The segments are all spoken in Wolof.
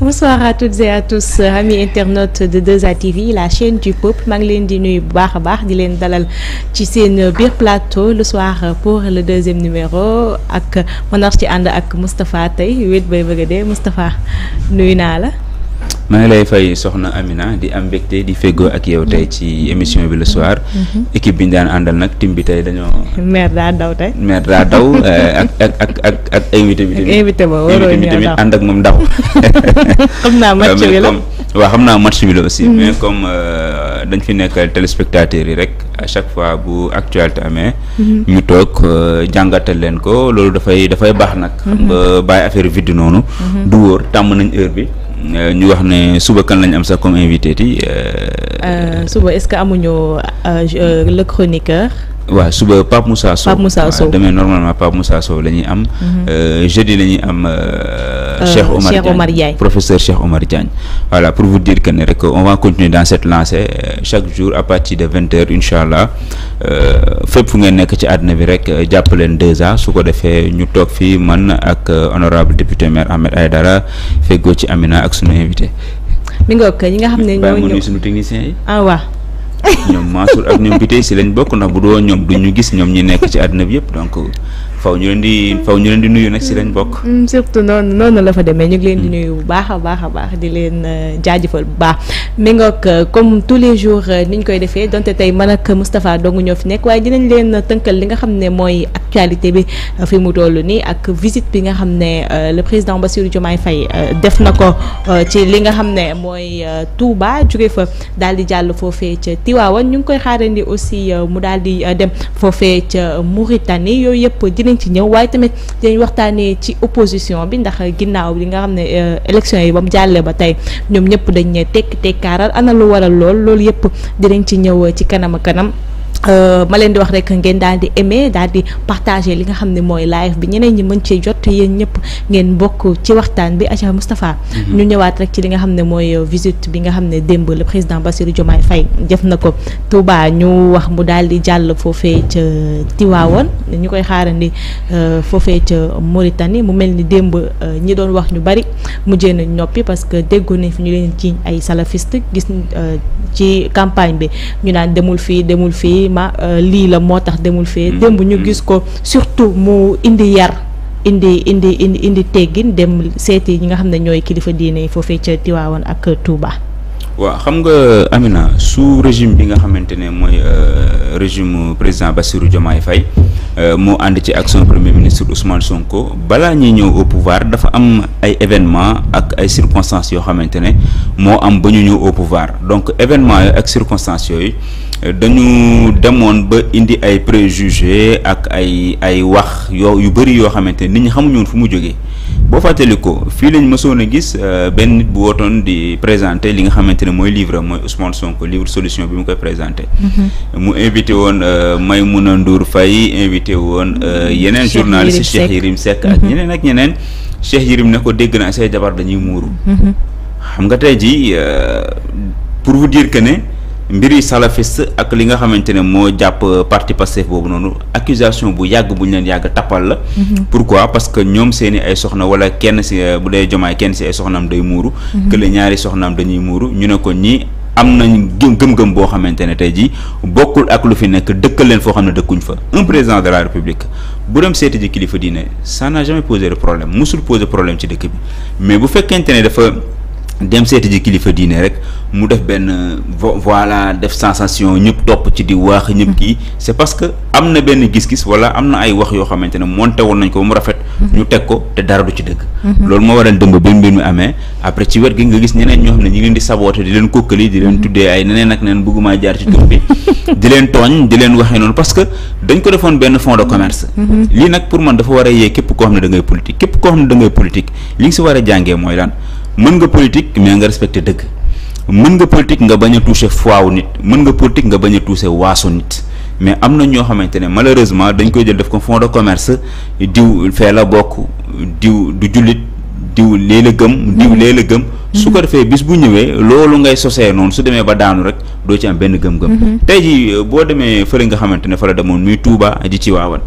bonsoir à toutes et à tous amis internautes de 2A yi la chaîne du peuple maa leen di nuyu bu baax a baax di leen dalal ci seen biir plateau le soir pour le deuxième numéro ak ma ci ànd ak Moustapha tey wéet bay bëgg de dee Moustapha nuyu naa la. maa lay fay soxna Amina di am mbégte di feggoo ak yow tey ci émission bi le soir. Mhm. équipe bi ñu daan àndal nag tim bi tey dañoo. mer daa daw tey. mer daa daw eh, ak ak ak ak ak invité bi. invité ba ak moom daw. xam naa match bi la xam naa match bi aussi. Mhm. mais comme euh, dañ fi nekkal téléspectateurs yi rek chaque fois bu actualité amee. Mhm. ñu toog euh, jàngatal leen ko loolu dafay dafay baax nag. xam nga bàyyi affaire vide noonu. du wóor tàmm nañ heure bi. Euh, ñu wax ne suba kan lañ am sax comme invité ti euh, euh, suba est-ce que amuñu le chroniqueur waaw suba Pape Moussa Sow Pape Moussa Sow demain normalement Pape Moussa Sow la am. Mhm. Euh, la ñuy am. Euh, euh, Cheikh Omar Cheikh Omar Diagne professeur Cheikh Omar Diagne. voilà pour vous dire que ne rek on va continuer dans cette lancée chaque jour à partir de vingt heures incha allah fépp fu ngeen nekk ci àdduna bi rek jàpp leen deux ans su ko defee ñu toog fii man ak honorable député maire Ahmed Aïdara feggoo ci Amina ak sunu invité. mi ngi ok ñi nga xam ne ñoo sunu techniciens yi ah waaw. ñoom Mansour ak ñoom Bitèye si lañ bokk ndax bu doo ñoom du ñu gis ñoom ñi nekk ci àddina bi yëpp donc faw ñu leen di faw ñu leen di nuyu nag si lañ bokk. Mm, noonu la fa demee ñu leen di nuyu bu baax a baax a baax di leen euh, jaajëfal bu baax mi ngoog euh, comme tous les jours euh, ni ñu koy defee donte tey man ak Moustapha dong ñoo fi nekk waaye dinañ leen tënkal li nga xam ne mooy actualité bi fi mu toll nii ak visite bi nga xam ne le président ba Bassirou Diomaye fay def na ko ci li nga xam ne mooy Touba jóge fa daal di jàll foofee ca Tiwaawan ñu ngi koy xaarandi aussi mu daal di dem foofee ca Mauritanie yooyu yëpp dinañ ci ñëw waaye tamit dinañ waxtaanee ci opposition bi ndax ginnaaw li nga xam ne euh, élection yi ba mu jàllee ba tey ñoom ñëpp dañ ne tekki tekkaaral ana lu waral lool loolu yëpp dinañ ci ñëw ci kanam kanam Euh, ma leen di wax rek ngeen daal di aimer daal di partager li nga xam ne mooy live bi ñeneen ñi mën cee jot yéen ñëpp ngeen bokk ci waxtaan bi Adja Moustapha mhm. ñu ñëwaat rek ci li nga xam ne mooy euh, visite bi nga xam ne démb le président Bassirou Diomaye Faye def na ko Touba ñu wax mu daal di jàll foofee ca Tiwaawoon ñu koy xaarandi euh, foofee ca Mauritanie mu mel ni démb ñi doon wax ñu bari mujjee nañ noppi parce que déggoon ne fi ñu leen ciiñ ay salafiste gis ci campagne bi ñu naan demul fii demul fii ma euh, lii la moo tax demul fee mm-hmm. démb ñu mm-hmm. gis ko surtout mu indi yar indi indi indi indi teggin dem seeti ñi nga xam ne ñooy kilifa diine yi foofee ca Tiwaawan ak Touba waaw xam nga Amina su régime bi nga xamante ne mooy euh, régime président Bassirou Diomaye Faye euh, moo ànd ci ak son premier ministre Ousmane Sonko balaa ñuy ñëw au pouvoir dafa am ay événements ak ay circonstances yoo xamante ne moo am ba ñu ñëw au pouvoir donc yooyu ak circonstances yooyu euh, dañu demoon ba indi ay préjugés ak ay ay wax yoo yu bëri yoo xamante ne nit ñi xamuñu woon fu mu jógee. boo fàttali ko fii lañ mësoon a gis euh, benn nit bu wootoon di présenter li nga xamante ne mooy livre mooy Ousmane Sonko livre solution bi mu koy présenter. Mhm. mu invité woon euh, Maïmouna Ndour Faye invité woon euh, yeneen journaliste Cheikh Yérim Seck ak mhm. ñeneen ak ñeneen Cheikh Yérim ne ko dégg naa say jabar dañuy muuru mhm. xam nga tey ji pour vous dire que ne mbiri salafiste ak li nga xamante ne moo jàpp parti Pastef boobu noonu accusation bu yàgg bu ñu leen yàgg tappal la mhm. pourquoi parce que ñoom seen i ay soxna wala kenn si euh, bu dee jomaay kenn si ay soxnaam day muuru mhm. kële ñaari soxnaam dañuy muuru ñu ne ko ñii am nañ gëm-gëm boo xamante ne tey ji bokkul ak lu fi nekk dëkkal leen foo xam ne dëkkuñ fa un président de la république bu dem seeti ji kilifa diine ça n'a jamais posé de problème mosul posé problème ci dëkk bi mais dem seeti ji kilifa diine rek mu def benn voilà def sensation ñëpp topp ci di wax ñëpp kii c'est parce que am na benn gis-gis wala am na ay wax yoo xamante ne monté woon nañ ko ba mu rafet mhm. ñu teg ko te dara du ci dëgg mhm. loolu moo waral dëmb bi mbir mi amee après ci wet gi nga gis ñeneen ñoo xam ne ñu ngi leen di saboote di leen kokkali di leen mhm. tuddee ay neneen ak neen bëgguma jaar ci tur di leen tooñ di leen waxee noonu parce que dañ ko defoon benn fonds de koo xam ne da ngay politique képp koo xam ne da ngay politique li nga war a mooy lan mën nga politique mais nga respecté dëgg mën nga politique nga bañ a touché foiwu nit mën nga politique nga bañ a touché waasu nit mais am na ñoo xamante ne malheureusement dañ koy jël def ko fond de commerce diw fee la bokk diw du jullit diw lee la gëm diw mm-hmm. lee la gëm su ko mm-hmm. defee bis bu ñëwee loolu ngay sosee noonu su demee ba daanu rek doo ci am benn gëm-gëm mm-hmm. tey ji euh, boo demee fële nga xamante ne fa la demoon muy Touba ji ci waawan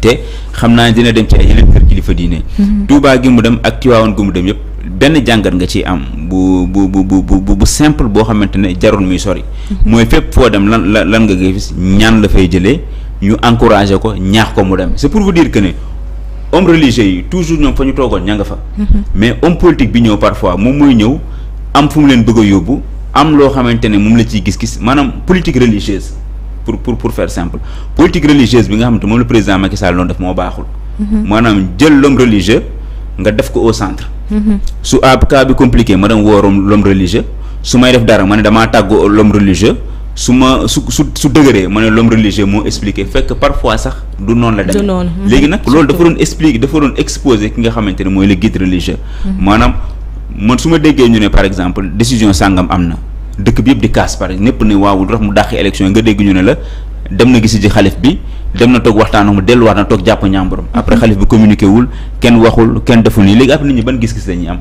te xam naa dina dem ci ay yeneen kër kilifa diine Touba gi mu dem ak ci waawan gi mu dem yëpp benn jàngat nga ci am bu bu bu bu bu simple boo xamante ne jarul muy sori. Mhm. mooy fépp foo dem lan lan lan nga gis ñaan la fay jële ñu encouragé ko ñaax ko mu dem c'est pour vous dire que ne homme religieux yi toujours ñoom fa ñu toogoon ña nga fa. Mhm. mais homme politique bi ñëw parfois moom mooy ñëw am fu mu leen bëgg a yóbbu am loo xamante ne moom la ciy gis-gis maanaam politique religieuse pour pour pour faire simple politique religieuse bi nga xam moom la président Macky Sall def moo baaxul. Mhm. maanaam jël l'homme religieux nga def ko au centre. su ab cas bi ma dem woo l'homme religieux su may def dara ma ne damaa tàggu l'homme religieux su ma su su su dëgëree ma ne l'homme religieux moo expliqué fekk parfois sax du noonu la demee léegi nag loolu dafa doon expliqué dafa doon exposé ki nga xamante ne mooy le guide religieux mm-hmm. maanaam man su ma déggee ñu ne par exemple décision sàngam am na dëkk bi yëpp di kaas par ñëpp ne waawul tax mu dàqi élection nga dégg ñu ne la dem na gisi ci xalif bi dem na waxtaan waxtaanoo mu delluwaat na toog jàpp ñaamborom après xalif bi communiqué wul kenn waxul kenn deful nii léegi après nit ñi ban gis-gis la am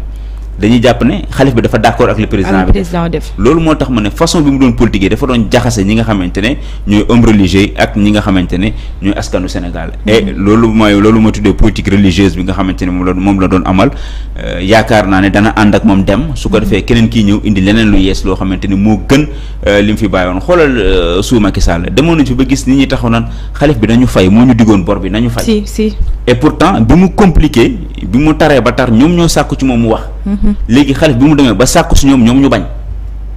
dañuy jàpp ne xalif bi dafa d'accord ak le président bi def loolu moo tax ma ne façon bi mu doon politiquer dafa doon jaxase ñi nga xamante ne ñooy homme religieux ak ñi nga xamante ne ñooy askanu Sénégal et mm-hmm. loolu mooy loolu ma tuddee politique religieuse bi nga xamante ne moom la moom la doon amal euh, yaakaar naa ne dana ànd ak moom dem su ko mm-hmm. defee keneen kii ñëw indi leneen lu yees loo xamante ne moo gën euh, li mu fi bàyyoon xoolal euh, suu Macky Sall demoon nañu fi ba gis nit ñi taxaw naan xalif bi nañu fay moo ñu diggoon bor bi nañu fay si si et pourtant bi mu compliqué bi mu taree ba tar ñoom ñoo sàkku ci moom mu wax mm-hmm. léegi xalif bi mu demee ba sàkku si ñoom ñoom ñu bañ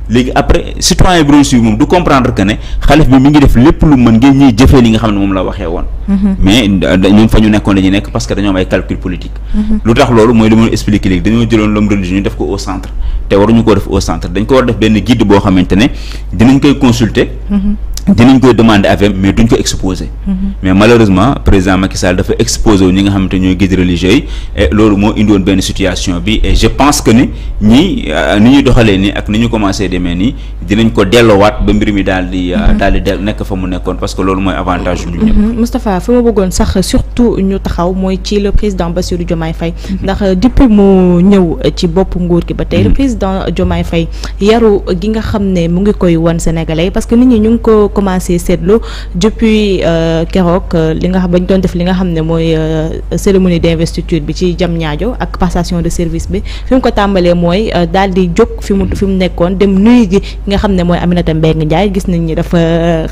léegi après citoyen bi doon moom du comprendre que ne xalif bi mi ngi def lépp lu mën ngeen ñuy jëfee li nga xam ne moom la waxee woon mhm. mais ñoom fa ñu nekkoon dañuy nekk parce dañoo am ay politique mhm. lu tax loolu mooy li ma expliqué léegi dañoo jëloon l'homme ñu def ko au centre te waruñu ko def au centre dañ ko war def benn guide boo xamante ne dinañ koy consulter mhm. dinañ koy demander affaire mais duñ ko exposer. Mm-hmm. mais malheureusement président Macky Sall dafa exposer wu ñi nga xamante ñooy guides religieux yi et loolu moo indiwoon benn situation bi et je pense que ni ñii euh, ni ñu doxalee nii ak ni ñu commencé demee nii dinañ ko delloowaat ba mbir mi daal di. Euh, mm-hmm. daal di del nekk fa mu nekkoon parce que loolu mooy avantage bi ñëpp. Mm-hmm. Moustapha fi ma bëggoon sax surtout ñu taxaw mooy ci le président Bassirou Diomaye Faye. ndax euh, depuis mu ñëw ci bopp nguur gi ba tey. le président Diomaye Faye yaru gi nga xam ne mu ngi koy wan sénégalais parce commencé seetlu depuis euh, keroog euh, li nga xam bañ doon def li nga xam ne mooy euh, cérémonie d'investiture bi ci jam ñaajo ak passation de service bi fi ko tàmbalee mooy dal di jóg fi mu fi mu nekkoon dem nuyu ji nga xam ne mooy Aminata Mbengue Ndiaye gis nañ ni dafa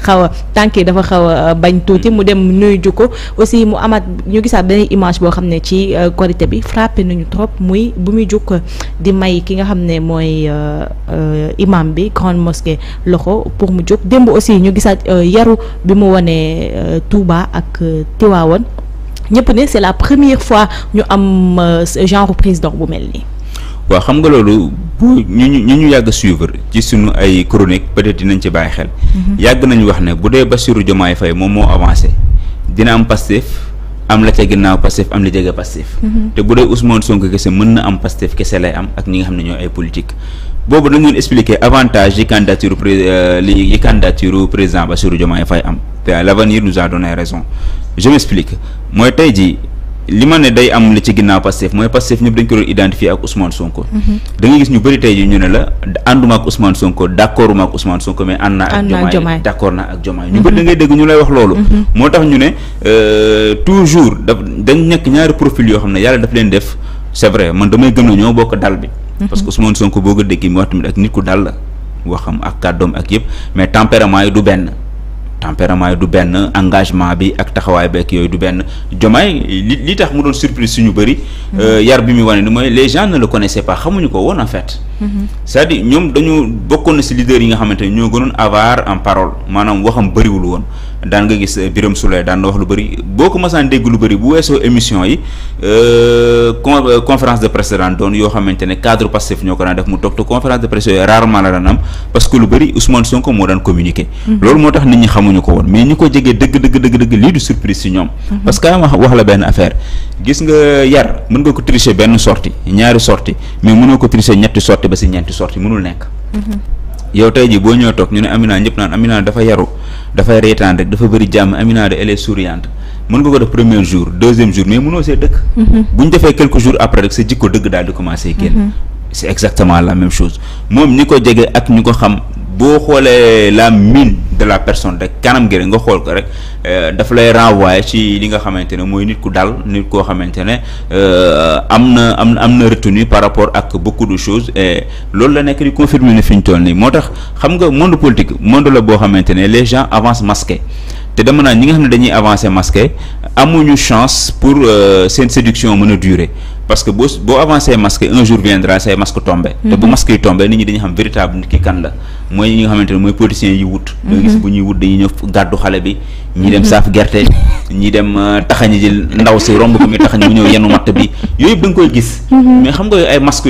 xaw tànk yi dafa xaw a bañ tuuti mu dem nuyu ju ko aussi mu amat ñu gisaat beneen image boo xam ne ci korité bi frappé nañu trop muy bu muy jóg di may ki nga xam ne mooy imam bi grande mosquée loxo pour mu jóg démb aussi ñu gisaat euh, yaru bi mu wonee euh, Touba ak euh, Tiwaawan ñëpp ne c'est la première fois ñu am genre président bu mel nii waaw xam nga loolu bu ñu ñu ñu yàgg suivre ci suñu ay chronique peut-être dinañ ci bàyyi xel mhm. yàgg nañu wax ne bu dee Bassirou Diomaye Faye moom moo avancé dina am Pastef am la ca ginnaaw Pastef am la jege Pastef mhm. te bu dee Ousmane Sonko kese mën na am Pastef kese lay am ak ñi nga xam ne ñoo ay politique boobu dañu leen expliquer avantage yi candidature pré euh, li yi candidature président Bassirou Diomaye Faye am te à l'avenir nous a donné raison je m'explique mooy tey jii li ma ne day am li ci ginnaaw Pastef mooy Pastef ñëpp dañ ko doon identifier ak Ousmane Sonko. Mhm. da ngay gis ñu bëri tey jii ñu ne la ànduma ak Ousmane Sonko d'accorduma ak Ousmane Sonko mais ànd naa ak Diomaye d'accord naa ak Diomaye ñu mhm. bëri da ngay ñu lay wax loolu mhm. moo tax ñu ne euh, toujours daf dañ nekk ñaari profil yoo xam ne yàlla daf leen def c' est vrai man damay gëm ne ñoo bokk dal bi. Mhm. parce que Ousmane Sonko boo ko déggee mi wax tamit ak nit ku dal la waxam ak kàddoom ak yëpp mais tempérament yi du benn. tempérament yi du benn engagement bi ak taxawaay beek yooyu du benn jomaay li li tax mu doon surprise suñu bëri. Mhm. Euh, yar bi muy wane ni mooy les gens ne le connaissaient pas xamuñu ko woon en fait. Mhm. cest à ñoom dañu bokkoon na si leader yi nga xamante ne ñoo gënoon avare en parole maanaam waxam bëriwul woon. daan nga gis eh, Birame Souleye daan na wax lu bëri boo ko masaan dégg lu bëri bu weesoo émission yi euh, euh, conférence de presse doon yoo xamante ne cadre Pastef ñoo ko daan def mu toog te conférence de presse yooyu rarement la daan am parce que lu bëri Ousmane Sonko moo daan communiqué. Mm-hmm. loolu moo tax nit ñi xamuñu ko woon mais ñi ko jegee dëgg dëgg dëgg dëgg lii du surprise si ñoom. Mm-hmm. parce que ma wax la benn affaire gis nga yar mën nga ko tricher benn sortie yow tey jii boo ñëwee toog ñu ne Amina ñëpp naan Amina dafa yaru dafay reetaan rek dafa bëri jàmm Amina de elle est mën nga ko def premier jour deuxième jour mais mënoo see dëkk. Mhm. bu ñu defee quelques jours après rek sa jikko dëgg daal di commencé génn. Mhm. c'est exactement la même chose moom ñi ko jege ak ñi ko xam boo xoolee la mine de la personne rek kanam gi rek nga xool ko rek euh, dafa lay renvoyer ci li nga xamante ne mooy nit ku dal nit koo xamante ne euh, am na am am na retenu par rapport ak beaucoup de choses loolu la nekk di confirmer ne fi ñu toll nii moo tax xam nga monde politique monde la boo xamante ne les avance avancent te dama naan ñi nga xam ne dañuy avancer masqué amuñu chance pour euh, seen séduction mën a durer parce que boo boo avancé masque un jour viendra say masque tombé te bu mhm. masque yi tombé nit ñi dañu xam véritable nit ki kan la mooy ñi xamante mooy politiciens yi wut nga gis mhm. bu yu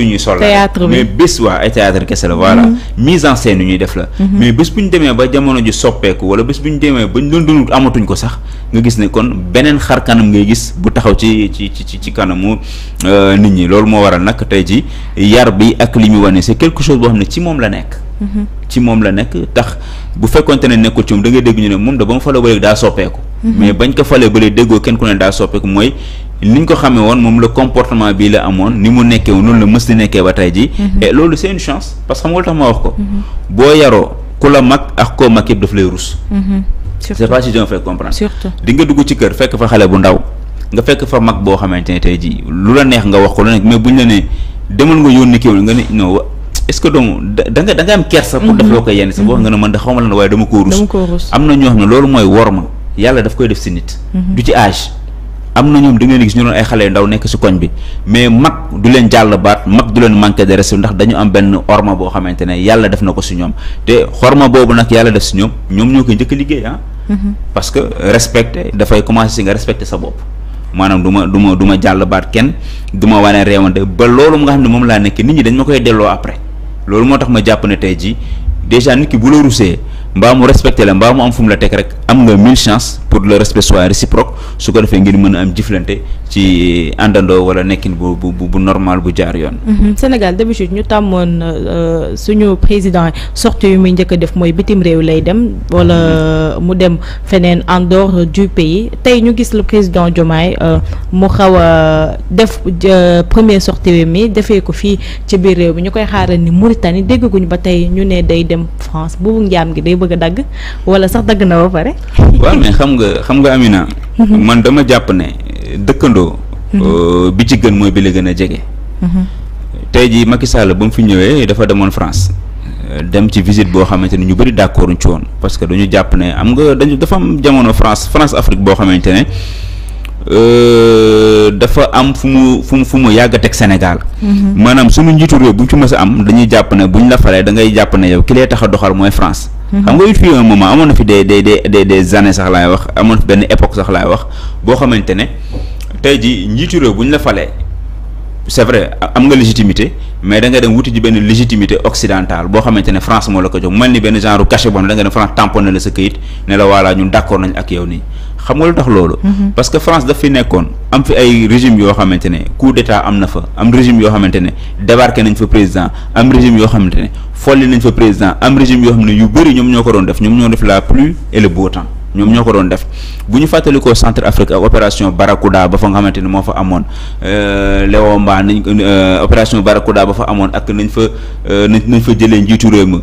ñuy sol la mais bés waa la mhm. ñu demee ba jamono ji soppeeku wala bés bu ñu demee ba ñu doon dunut amatuñ ko sax nga gis ne kon beneen xar kanam ngay gis bu taxaw ci ci ci ci kanamu Euh, nit ñi loolu moo waral nag tey ji yar bi ak li muy wane c'est quelque chose boo xam ne ci moom la nekk mm-hmm. ci moom la nekk tax bu fekkonte ne nekkul ci moom da dégg ñu ne moom da ba mu falee ba léegi daa soppeeku mm-hmm. mais bañ ko falee ba léegi déggoo soppeeku mooy ni ñu ko xamee woon moom la comportement bii la amoon ni mu nekkee woon noonu la mës di nekkee ba tey ji mm-hmm. loolu c'est chance parce que xam lu tax ma wax ko boo yaroo ku la mag ak koo mag nga fekk fa mag boo xamante ne tey ji lu la neex nga wax ko lu nekk mais buñ la ne demal nga yónni kii nga ne non est-ce que doomu da nga da am kersa. Mhm. sa bopp man da ma la ne waaye ko rus. am na ñoo xam ne mooy worma yàlla daf koy def si nit. Mhm. na ñoom da ay xale ndaw nekk si koñ bi mais mag du leen jàll baat mag du leen manqué de respect ndax am benn orma boo xamante ne yàlla def na ko si ñoom te boobu nag yàlla def si ñoom ñoom ñoo koy njëkk liggéey ah. Mhm. parce que respecter dafay commencer si nga respecter sa bopp. maanaam du ma du ma du ma jàll baat kenn du ma wane réewante ba loolu nga xam ne moom laa nekk nit ñi dañ ma koy delloo après loolu moo tax ma jàpp ne tey jii déjà nit ki bu la rusee mbaa mu respecté la mbaa mu am fu la teg rek am nga mille chances pour le respect soit réciproque su ko defee ngir mën a am jëflante ci àndandoo wala nekkin bu bu bu normal bu jaar yoon. Mhm. Sénégal d'habitude ñu tàmmoon euh, suñu président sortie yu muy njëkk a def mooy bitim réew lay dem wala mhm. mu dem feneen en dehors du pays tey ñu gis lu président Diomaye euh, mu xaw a def euh, premier sortie mi defee ko fii ci biir réew bi ñu koy xaaral ni Mauritanie déggaguñu ba tey ñu ne day dem France boobu day. bëgg a dagg wala sax dagg na ba pare. waaw mais xam nga xam nga Amina. Mhm. man dama jàpp ne dëkkandoo. Mhm. Euh, bi ci gën mooy bi gën a jege. Mhm. tey jii Macky Sall ba mu fi ñëwee dafa demoon France euh, dem ci visite boo xamante ni ñu bëri d' accord ci dañu jàpp ne am nga dañu dafa jamono France France Afrique boo xamante ne. Euh, dafa am fu mu fu mu fu mu yàgg teg Sénégal. Mhm. maanaam sunu njiitu réew bu ñu ci ma a am dañuy jàpp ne bu la falee da ngay jàpp ne yow ki lay tax doxal mooy France. Mhm. xam nga it fii un amoon na fi des des des des années sax wax amoon na fi benn sax laay wax boo xamante ne tey ji njiitu réew bu ñu la falee c'est am nga légitimité mais da nga dem wuti ji benn légitimité occidentale boo xamante ne France moo la ko jox mel ni benn genre cachet bon da nga dem France tamponné la sa këyit ne la voilà ñun d'accord nañ ak yow nii. xam nga lu tax loolu. Mm-hmm. parce que France daf fi nekkoon am fi ay régime yoo xamante ne coup d'état am na fa am régime yoo xamante ne débarqué nañ fa président am régime yoo xamante ne folli nañ fa président am régime yoo xam ne yu bëri ñoom ñoo ko doon def ñoom ñoo def la pluie et le beau ñoom ñoo ko doon def bu ñu fàttalikoo centre Afrique ak opération Barracuda ba fa nga xamante ne moo fa amoon euh, Léwomba nañ euh, opération Barracuda ba fa amoon ak nañ fa euh, nañ fa jëlee njiitu réew ma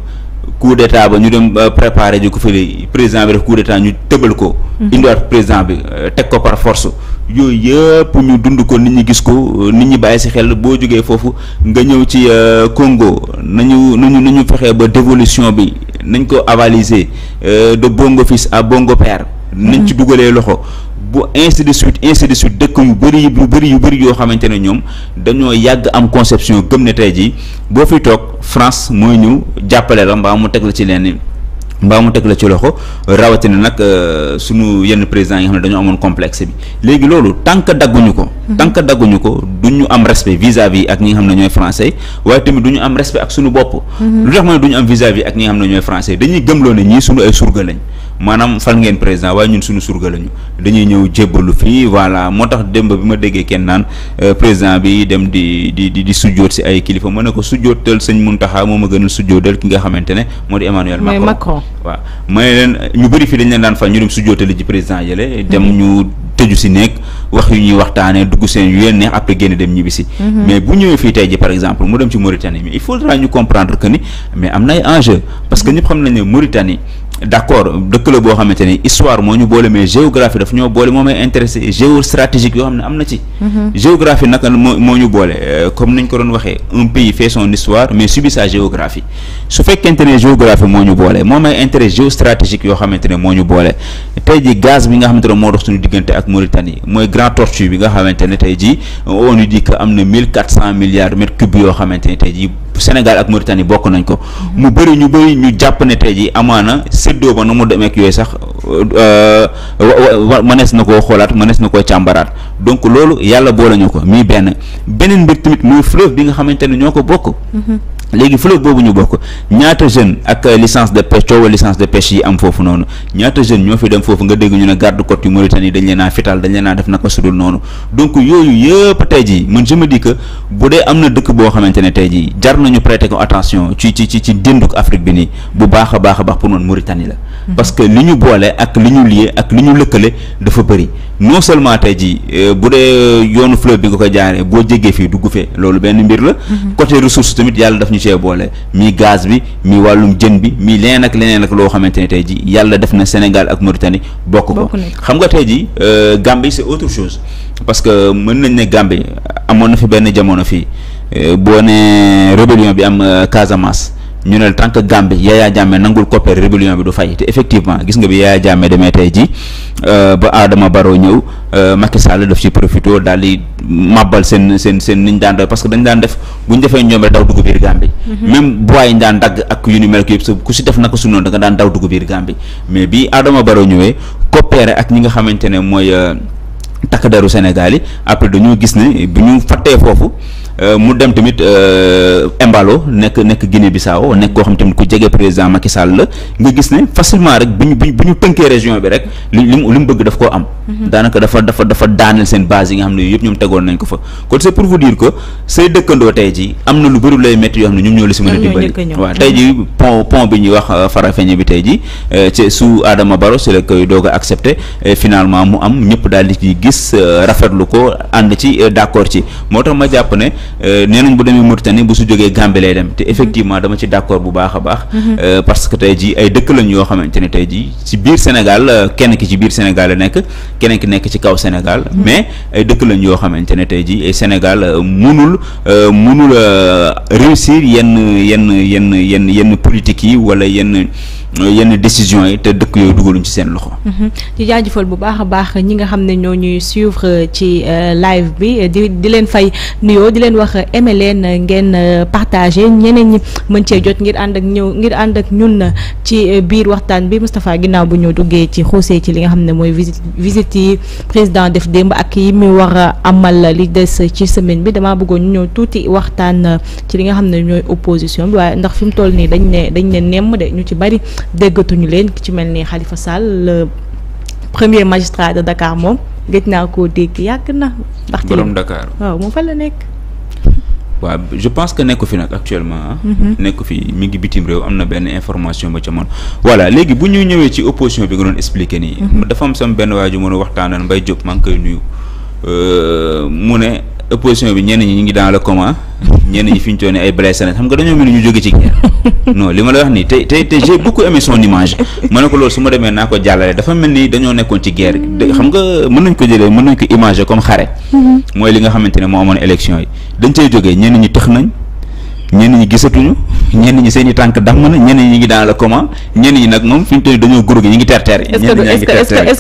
coup d'état ba ñu dem euh, préparer ji ko fële président bi def coup d'état ñu tëbal ko. Mhm. indiwaat président bi euh, teg ko par force. yooyu yëpp ñu dund ko nit ñi gis ko euh, nit ñi bàyyi si xel boo jógee foofu nga ñëw ci Congo nañu nañu nañu fexe ba dévolution bi nañ ko avaliser de bongo fils à bongo père. nañ mhm. ci dugalee loxo. bu ainsi de suite ainsi de suite dëkk yu bëri yu bëri yu bëri yoo xamante ne ñoom dañoo yàgg am conception gëm ne tey jii boo fi toog France mooy ñëw jàppale la mbaa mu teg la ci leen mbaa mu teg la ci loxo rawatina nag euh, sunu yenn président yi nga xam ne dañoo amoon complexe bi léegi loolu tant que dagguñu ko. Mhm. tant que dagguñu ko du ñu am respect vis-à-vis ak ñi nga xam ne ñooy français waaye tamit du ñu am respect ak suñu bopp. Mhm. lu tax ma ne du ñu am vis vis ak ñi xam ñooy français dañuy gëmloo ne ñii sunu ay surga lañ. maanaam fal ngeen président waaye ñun suñu surga lañu dañuy ñëw jébbalu fii voilà moo tax démb bi ma déggee kenn naan euh, président bi dem di di di di sujjóot si ay kilifa mën na ko sujjóotal sëñ Muntaxa moo ma gënal sujjóotal ki nga xamante ne moo di Emmanuel Macron waaw may leen ñu bëri fii dañ leen daan fal ñu dem sujjóotali ji président yële dem mhm. ñu tëju si nekk wax yu ñuy waxtaanee dugg seen yu leen neex après génn dem ñibbi mhm. mais bu ñëwee fii tey ji par exemple mu dem ci Mauritanie mais il que ni am na ay enjeu parce d' accord dëkk la boo xamante ni histoire moo ñu boole mais géographie daf ñoo boole moo may intéressé géostratégique yoo xam ne am na ci. Mm-hmm. géographie naka moo moo ñu boole euh, comme nañ ko doon waxee un pays fait son histoire mais subit sa géographie su fekkente ne moo ñu boole moo may intérêt géostratégique yoo xamante ne moo ñu boole tey ji gaz bi nga xamante ne moo dox suñu diggante ak Mauritanie mooy Grand Tortue bi nga xamante ne tey jii on nous dit que am na mille quatre cent milliards mètres cubes yoo xamante ne tey jii. Sénégal ak Mauritanie bokk nañ ko mu bëri ñu bëri ñu jàpp ne tey jii amaana séddoo ba nu mu demee ak yooyu sax euh, mënees na koo xoolaat mënees na koo càmbaraat donc loolu yàlla boole ñu ko muy benn beneen mbir tamit muy fleuve bi nga xamante ne ñoo ko bokk. Mm-hmm. léegi fleuve boobu ñu bokk ñaata jeune ak licence de pêche coowa licence de pêche yi am foofu noonu ñaata jeune ñoo fi dem foofu nga dégg ñu ne garde côte yu Mauritanie dañ leen a fital dañ leen a def naka sudul noonu donc yooyu yëpp tey jii man je dikk dis que bu dee am na dëkk boo xamante ne tey jii jar nañu prêter ko attention ci ci ci ci dénduk Afrique bi nii bu baax a baax a baax pour noonu Mauritanie la parce que li ñu boole ak li ñu lié ak li ñu lëkkale dafa bëri non seulement tey jii euh, bu dee euh, yoonu fleuve bi nga ko jaaree boo jegee fii dugg fee loolu benn mbir la. Mm-hmm. côté ressource tamit yàlla daf ñu cee boole mi gaz bi mi wàllum jën bi mi leneen ak leneen ak loo xamante ne tey jii yàlla def na Sénégal ak Mauritanie bokk ko xam nga tey jii euh, Gambie c'est autre chose parce que mën nañ ne Gambie amoon na fi benn jamono fii boo nee rébellion bi am Casamance. ñu ne tant que Gambie Yaya Jammeh nangul coppee rébellion bi du fay te effectivement gis nga bi Yaya Jammeh demee tey ji euh, ba Adama Barrow ñëw euh, Macky Sall daf ci profité daal di màbbal seen seen seen niñ daan doy parce que dañ daan def bu ñu defee ñoom rek mm-hmm. daan da nga daan daw dugg biir Gambie mais bi Adama Barrow ñëwee coopéré ak ñi nga xamante ne mooy euh, takk deru Sénégal yi après dañoo gis ne bu ñu fattee foofu Euh, mu dem tamit euh, Embalo nekk nekk Guinée Bissau nekk koo xam tamit ku jege président Macky Sall la nga gis ne facilement rek bu ñu bu ñu tënkee région bi rek li li mu bëgg daf koo am. Mhm. daanaka dafa dafa dafa daaneel seen base yi nga xam ne yëpp ñoom tegoon nañ ko fa kon c'est pour vous dire que say dëkkandoo tey ji am na lu bëri lay métti yoo xam ne ñoom ñoo la si mën a dimbali waaw tey ji pont pont bi ñuy wax euh, Farafeñe bi tey ji ci su Adama Barrow si la koy doog a accepté finalement mu am ñëpp daal di ci gis rafetlu ko ànd ci d'accord ci moo tax ma jàpp ne Euh, nee nañ bu demee Mauritanie bu su jógee Gambie lay dem te mhm. effectivement dama ci d'accord bu baax a baax mhm. euh, parce que tey ji ay dëkk lañ yoo xamante ne tey ji ci biir Sénégal euh, kenn ki ci biir Sénégal la nekk keneen ki nekk ci kaw Sénégal mhm. mais ay dëkk lañ yoo xamante ne tey ji Sénégal munul munul réussir yenn yenn yenn yenn yenn politique yi wala yenn yenn décision yi te dëkk yooyu dugaluñ ci seen loxo. Mhm. di jaajëfal bu baax a baax ñi nga xam ne ñoo ñuy suivre ci euh, live bi di di leen fay nuyoo di leen wax aimé leen ngeen euh, partage ñeneen ñi mën cee jot ngir ànd ak ñëw ngir ànd ak ñun na ci euh, biir waxtaan bi Moustapha ginnaaw bu ñu duggee ci xuusee ci li nga xam ne mooy visite visite yi président def démb ak yi mu war a amal li des ci semaine bi damaa bëggoon ñu ñëw tuuti waxtaan ci li nga xam ne ñooy opposition bi waaye fi mu toll nii dañ ne déggatuñu leen ki ci mel ni Khalifa Sall le premier magistrat de Dakar moom gëj naa ko dégg yàgg na. ndax ci borom Dakar waaw moom fa la nekk. waa je pense que nekk fi nag actuellement ah. mhm. nekk fi mi ngi bitim réew am na benn information ba ca man voilà léegi bu ñu ñëwee ci opposition bi nga doon expliquer nii. Mhm. dafa am sama benn waay ju mën a waxtaanal Mbaye Diop maa ngi nuyu euh, mu ne. opposition bi ñenn ñi ñu ngi dans le coma ñenn ñi fi ñu toonee ay blessé na xam nga dañoo mel ni ñu jóge ci guerre non li ma la wax nii te te te j'ai beaucoup aimé son image ma ne ko lool su ma demee naa ko jàllale dafa mel ni dañoo nekkoon ci guerre xam nga mën nañ ko jëlee mën nañ ko imagé comme xare mm-hmm. mooy li nga xamante ne moo amoon élection yi dañ cey jógee ñenn ñi tëx nañ ñenn ñi gisatuñu ñenn ñi seen tànk dax mën a ñenn ñi ngi dans le ñenn ñi nag moom fi ñu toll dañoo gurg ñi ngi terteer yi. ñenn ñaa ngi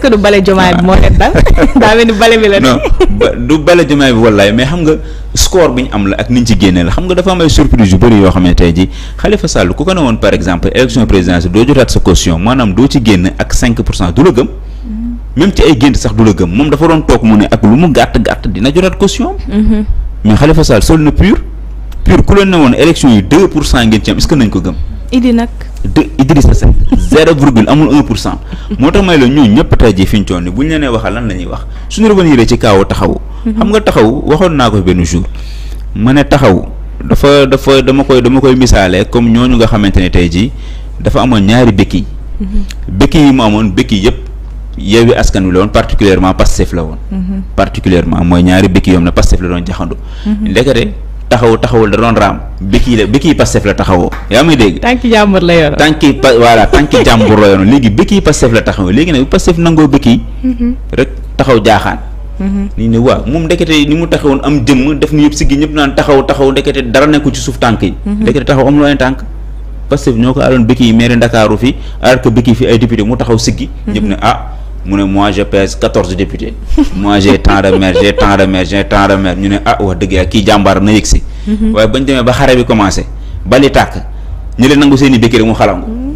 du bale jomaay bi moo leen dal daa mel ni bale bi la. xam nga score bi ñu am la ak ni ne tey jii Khalifa sa caution maanaam doo ci génn ak 5 pour mm-hmm. sol mm-hmm. na pur pur ku leen ne woon élection yi deux pour cent ngeen ci am est-ce nañ ko gëm idi nag de Idrissa Seck zéro virgule amul un pour cent moo tax may la ñun ñëpp tey jii fi ñu toon ni bu ñu leen waxal lan la ñuy wax suñu revenir ci kaaw taxaw mhm. xam nga taxaw waxoon naa ko benn jour ma ne taxaw dafa dafa dama koy dama koy misaale comme ñooñu nga xamante ne tey jii dafa amoon ñaari békki mhm. békki yi mu amoon békki yëpp Yewwi Askan Wi la woon particulièrement Pastef la woon mhm. particulièrement mooy ñaari békki yoom ne Pastef la doon jaxandu ndekete taxaw taxawul da doon raam bikii la bikii Pastef la taxawoo yaa may dégg tànki jàmbur la yoroon tànki pa Pastef léegi nag Pastef nangoo bikii mm-hmm. rek taxaw jaaxaan mm-hmm. ni ne waaw moom ndekete ni mu taxawoon am jëmm def nu yëpp siggi ñëpp naan taxaw taxaw ndekete dara nekku ci suuf tànk yi mm-hmm. ndekete taxaw am lu ay tànk Pastef ñoo ko aloon bikii maire Ndakaaru fi alors que bikii fi ay député mu taxaw siggi ñëpp ne ah mu ne moi je pèse quatorze députés moi j'ai tant de maires j'ai tant de maires j'ai tant de maires ñu ne ah wax dëgg yàlla kii jàmbaar na yëg si mhm. waaye bañ demee ba xare bi commencé bali tàkk ñu leen nangu seen i rek mu xalangu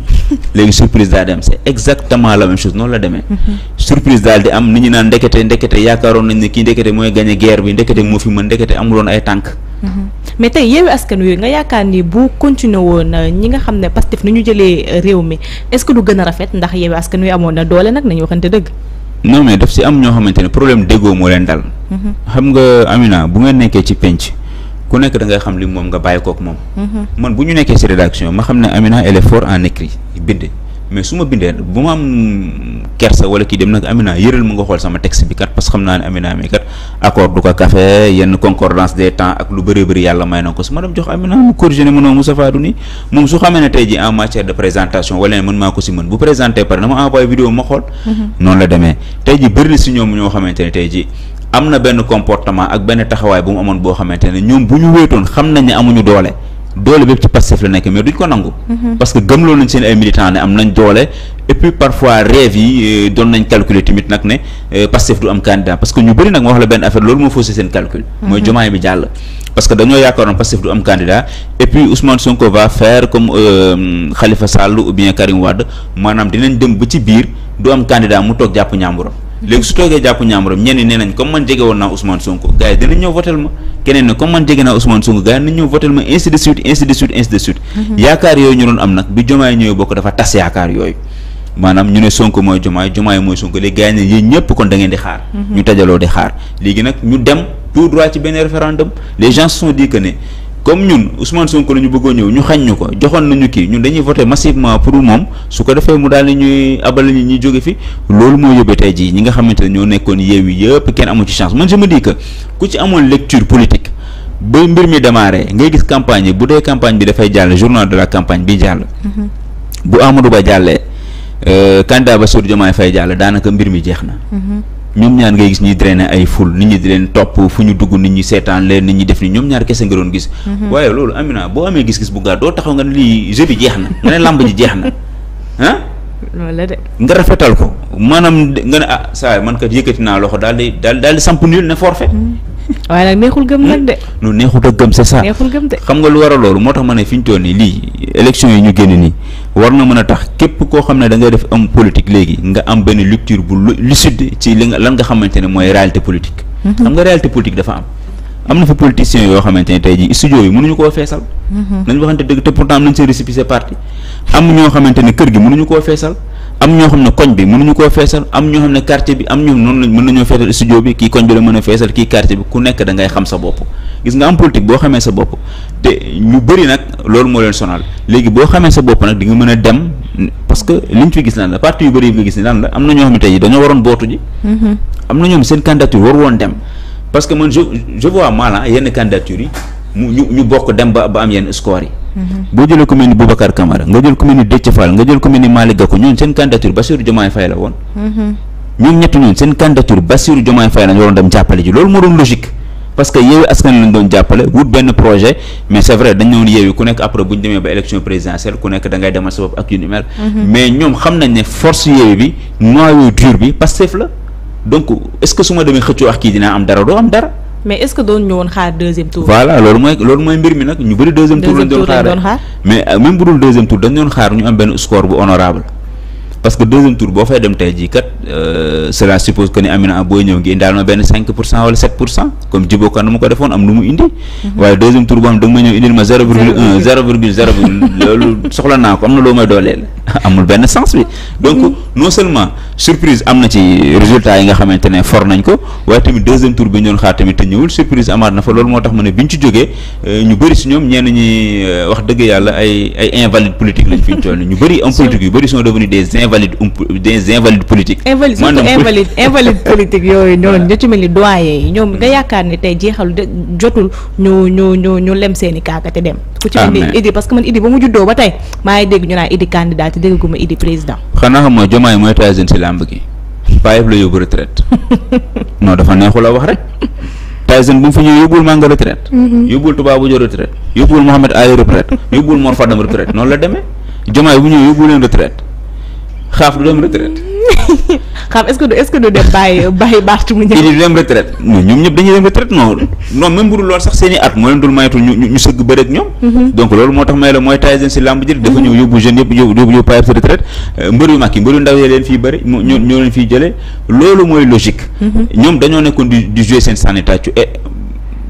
léegi surprise daal di am exactement la même chose noonu la demee mm-hmm. surprise daal di am nit ñi naan ndekete ndekete yaakaaroon nañ ne ndekete mooy gagné guerre bi ndekete moo fi mën ndekete amuloon ay tànk mm-hmm. mais tey yeewi askan wi nga yaakaar ni bu continué woon euh, ñi nga xam ne Pastef ni ñu jëlee euh, réew mi est du gën a rafet ndax yeewi askan wi amoon na doole nag nañu waxante dëgg non mais daf si am ñoo xamante ne problème déggoo moo leen dal mm-hmm. xam ku nekk da ngay xam li moom nga bàyyi kook moom. Mhm. man bu ñu nekkee si rédaction ma xam ne Amina elle fort en écrit bind. mais su ma bindee bu ma am kersa wala kii dem nag Amina yëral mu nga xool sama texte bi kat parce xam naa ne Amina mi kat accord du ko café yenn concordance des temps ak lu bëree bëri yàlla may na ko su ma dem jox Amina mu corrigé ne mënoo Moussa Fadou ni moom su xamee ne tey ji en matière de présentation wala ne mën maa ko am na benn comportement ak benn taxawaay bu mu amoon boo xamante ne ñoom bu ñu wéetoon xam nañ amuñu doole doole bépp ci Pastef la nekk mais duñ ko nangu. Mm-hmm. parce que gëmloo nañ seen ay militants ne am nañ doole et puis parfois rêve yi euh, doon nañ calculer tamit nag ne euh, que ñu bëri nag ma wax la benn affaire loolu moo faussé seen calcul. Mm-hmm. mooy jomaay bi jàll. parce que dañoo yaakaaroon Pastef du am candidat et puis Ousmane Sonko va faire comme euh, Khalifa Sall ou bien Karim maanaam dinañ dem ba ci biir du am candidat mu toog jàpp ñàmburam. léegi su toogee jàpp ñaamuram ñenn ñi nee nañ comme man jege woon naa Ousmane Sonko gars yi ñëw votel ma keneen de suite ainsi de suite ainsi de suite. Mhm. yaakaar yooyu ñu doon am nag bi Jomaay ñëwee bokk dafa tas yaakaar yooyu maanaam ñu ne Sonko mooy Jomaay Jomaay mooy Sonko léegi gars ne ñëpp kon da ngeen di xaar. Mhm. ñu tajaloo di xaar léegi nag ñu dem tout droit ci benn référendum les gens se sont ne comme ñun Ousmane Sonko la ñu bëggoon ñëw ñu xañ ñu ko joxoon nañu kii ñun dañuy voté massivement pour moom su ko defee mu daal di ñuy abal ñi jóge fi loolu moo yóbbee tey jii ñi nga xamante ne ñoo nekkoon yeew yi yëpp kenn amu ci chance man je me dis que ku ci amoon lecture politique ba mbir mi démarré ngay gis campagne yi bu dee campagne bi dafay jàll journal de la campagne bi jàll. Mm-hmm. bu Amadou Ba jàllee euh, candidat Bassirou Diomaye fay jàll daanaka mbir mi jeex na. Mm-hmm. ñoom ñaar ngay gis ñuy drainer ay ful nit ñi di leen topp fu ñu dugg nit ñi seetaan leen nit ñi def ni ñoom ñaar kese nga doon gis. Mhm. waaye loolu Amina boo amee gis-gis bu gaaw doo taxaw nga ne lii jeu jeex na nga ne làmb ji jeex na ah. wala de. nga rafetal ko maanaam nga ne ah saa man kat yëkkati naa loxo daal di daal di samp nul ne forfait. Mhm. waaye nag neexul gëm nag de. Eh, nu neexut a gëm c'est ça. neexul gëm de xam nga lu war a loolu moo tax ma ne fi ñu toll nii lii élection yi ñu génn nii war na mën a tax képp koo xam ne da def am politique léegi nga am benn lecture bu lucide ci lan nga xamante ne mooy réalité politique. Mhm. xam nga réalité politique dafa am. am na fa politiciens yoo xamante ne tey jii studio yi mënuñu koo feesal. Mhm. nañ waxante dëgg te pourtant am nañ seen récépissé parti am ñoo xamante ne kër am ñoo xam ne koñ bi mënuñu koo feesal am ñoo xam ne quartier bi am ñoom noonu mën nañoo feesal studio bi kii koñ bi la mën a feesal kii quartier bi ku nekk da xam sa bopp gis nga am politique boo xamee sa bopp te ñu bëri nag loolu moo leen sonal léegi boo xamee sa bopp nag di nga mën a dem parce que liñ fi gis lan la parti yu bëri yi nga gis ni lan la am na ñoo xam ne tey dañoo waroon bootu ji mm-hmm. am na ñoom seen candidature war woon dem parce que man je je vois mal yenn candidature mu ñu ñu bokk dem ba ba am yenn score yi. Mm-hmm. boo jëlee commune ni Boubacar Camara nga jël commune ni Déthié Fall nga jël commune ni Malick Gakou ñoon seen candidature Bassirou Diomaye Faye la woon. Mm-hmm. ñoom ñett ñoon seen candidature Bassirou Diomaye Faye lañ waroon dem jàppale ji loolu moo doon logique. parce yeewi askan lañ doon jàppale wut benn projet mais c'est vrai dañ ne yeewi ku nekk après bu ñu demee ba élection présidentielle ku nekk da demal sa ak yu ni mm-hmm. doo mais est-ce que doon ñu woon xaar deuxième tour. voilà loolu mooy loolu mooy mbir mi nag ñu bëri deuxième tour lañ doon xaar mais euh, même bu dul deuxième tour dañ doon xaar ñu am benn score bu honorable parce que deuxième tour boo fay dem tey jii kat euh, cela suppose que ni Amina booy ñëw ngi indaal ma benn 5 pour cent wala 7 pour cent comme Djibo Ka nu mu ko defoon am lu mu indi. Mhm. waaye deuxième tour boo xam na loo mhm. ne for nañ ko waaye tamit deuxième tour bi ñoon xaar tamit te ñëwul surprise amaat na loolu moo tax ma ne biñ ci jógee euh, ñu bëri si ñoom ñenn ñi euh, wax dëgg yàlla ay ay invalide politique fi ñu toll ñu bëri homme politique yu bëri sont devenus des invalides um, des invalides politiques. invalides surtout invalides invalides politiques yooyu ñooñu ñoo ci mel ni doyen yi ñoom nga mm. yaakaar ne tey jeexalu de jotul ñu ñu ñu lem seen i kaaka te dem. ku ci mel ni Idi parce que man Idi ba mu juddoo ba tey maa ngi dégg ñu naan Idi candidat dégg gu ma Idi président. xanaa xam nga Diomaye mooy troisième si làmb gi. Paa la yóbbu retraite non dafa neexul a wax rek. Tyson bu mu fi ñëw yóbbuwul Manga retraite mm-hmm. yóbbuwul Touba Boudio retraite yóbbuwul xaaf du dem retraite. xaaf est du est du dem bàyyi bàyyi baatu mu ñëw. du ñëpp dañuy dem retraite non non même lool sax seen at moo leen dul mayetul ñu ñu sëgg bëreeg ñoom. Mhm. donc loolu moo tax may la mooy Tyson si làmb ji dafa ñëw mhm. yóbbu jeunes yëpp yóbbu yóbbu payab sa retraite euh, mbër yu mag yi mbër yu ndaw leen fii bëri ñoo ñoo leen fii jëlee loolu mooy logique. Mhm. ñoom dañoo nekkoon di di jouer seen sanitatu et.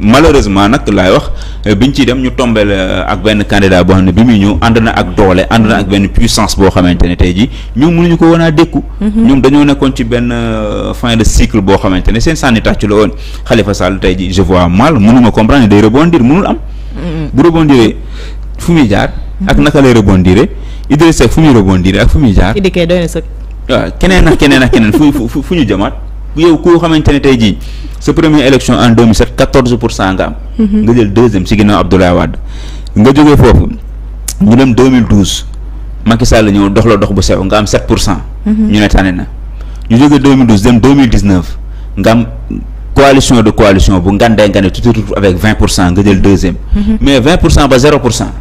malheureusement nag laay wax euh, biñ ciy dem ñu tombeel euh, ak benn candidat boo xam ne bi muy ñëw ànd na ak doole ànd na ak benn puissance boo xamante ne tey jii ñoom mënuñu ko woon a dékku. Mhm. ñoom dañoo nekkoon ci benn euh, fin de cycle boo xamante ne seen sànni tàcc la woon Khalifa Sall tey jii je vois mal mënuma comprendre day rebondir mënul am. Mhm. bu rebondiree fu muy jaar. ak mhm. naka lay rebondiree Idrissa Seck fu muy rebondiree ak fu muy jaar. Iddi kay doy na keneen ak keneen ak fu ñu jëmaat. yow koo xamante ne tey jii sa première élection en 2007 14 pour cent nga am. Mhm. nga jël deuxième si ginnaaw Abdoulaye Wade nga jógee foofu ñu dem 2012 Macky Sall ñëw dox la dox bu sew nga am 7 pour cent. Mhm. ñu ne tànne na ñu jógee 2012 dem 2019 nga am coalition de coalition bu ngandee nga tout tout avec 20 pour cent nga jël deuxième. Mhm. mais 20 pour cent ba 0 pour cent.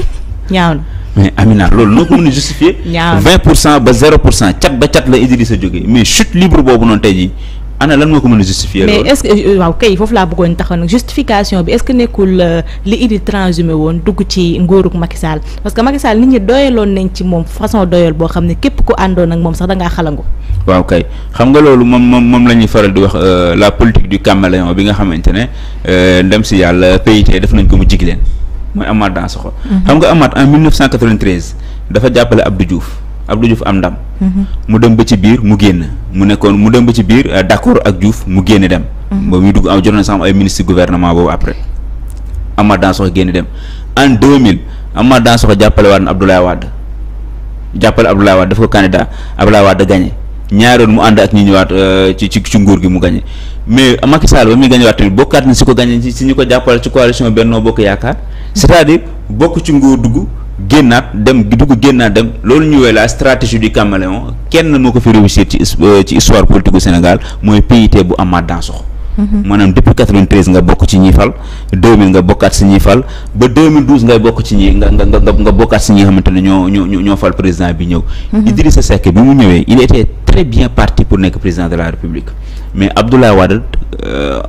ñaaw mais Amina loolu noo ko mën a justifier vingt pour cent ba zéro pour cent cat ba cat la Idrissa jógee mais chute libre boobu noonu tey jii ana lan moo ko mën a justifier mais est euh, waaw kay foofu laa bëggoon taxaw nag justification bi est-ce que nekkul euh, li idi transhumé woon dugg ci nguurug Macky Sall parce que Macky Sall nit ñi doyaloon nañ ci moom façon doyal boo xam ne képp ko àndoon ak moom sax da ngaa xalangu waaw kay xam nga loolu moom moom moom la ñuy faral di wax euh, la politique du caméléon bi nga xamante ne dem si yàlla PIT def nañ ko mu jig leen mooy Amath Dansokho mm-hmm. xam nga Amath en 1993 dafa jàppale Abdou Diouf Abdou Diouf am ndam. Mm-hmm. mu dem ba ci biir mu génn mu nekkoon mu dem ba ci biir euh, d'accord ak Diouf mu génn dem. Mm-hmm. ba muy dugg jotoon na sax am ay ministre gouvernement boobu après Amath Dansokho génn dem en 2000 Amath Dansokho jàppale waat na Abdoulaye Wade jàppale Abdoulaye Wade daf ko candidat Abdoulaye Wade gagné ñaari yoon mu ànd ak ñi ñëwaat euh, ci ci ci nguur gi mu gagné mais Macky Sall ba muy gagné waat tamit bokkaat na si ko gagné si ñu ko jàppale ci coalition Benno Yaakaar. c'est-à-dire bokk ci nguur dugg génnaat dem dugg génnaat dem loolu ñu woy la stratégie du caméléon kenn moo ko fi réussir ci euh, ci histoire politique Sénégal mooy PIT bu am Amath Dansokho mhm. maanaam depuis 93 nga bokk ci ñi fal nga bokkaat si ñi fal ba 2012 ngay bokk ci ñi nga nga nga nga bokkaat si ñi nga xamante ne ñoo ñoo ñoo fal président bi ñëw. Mhm. Idrissa Seck bi mu ñëwee il était très bien parti pour nekk président de la République mais Abdoulaye Wade euh,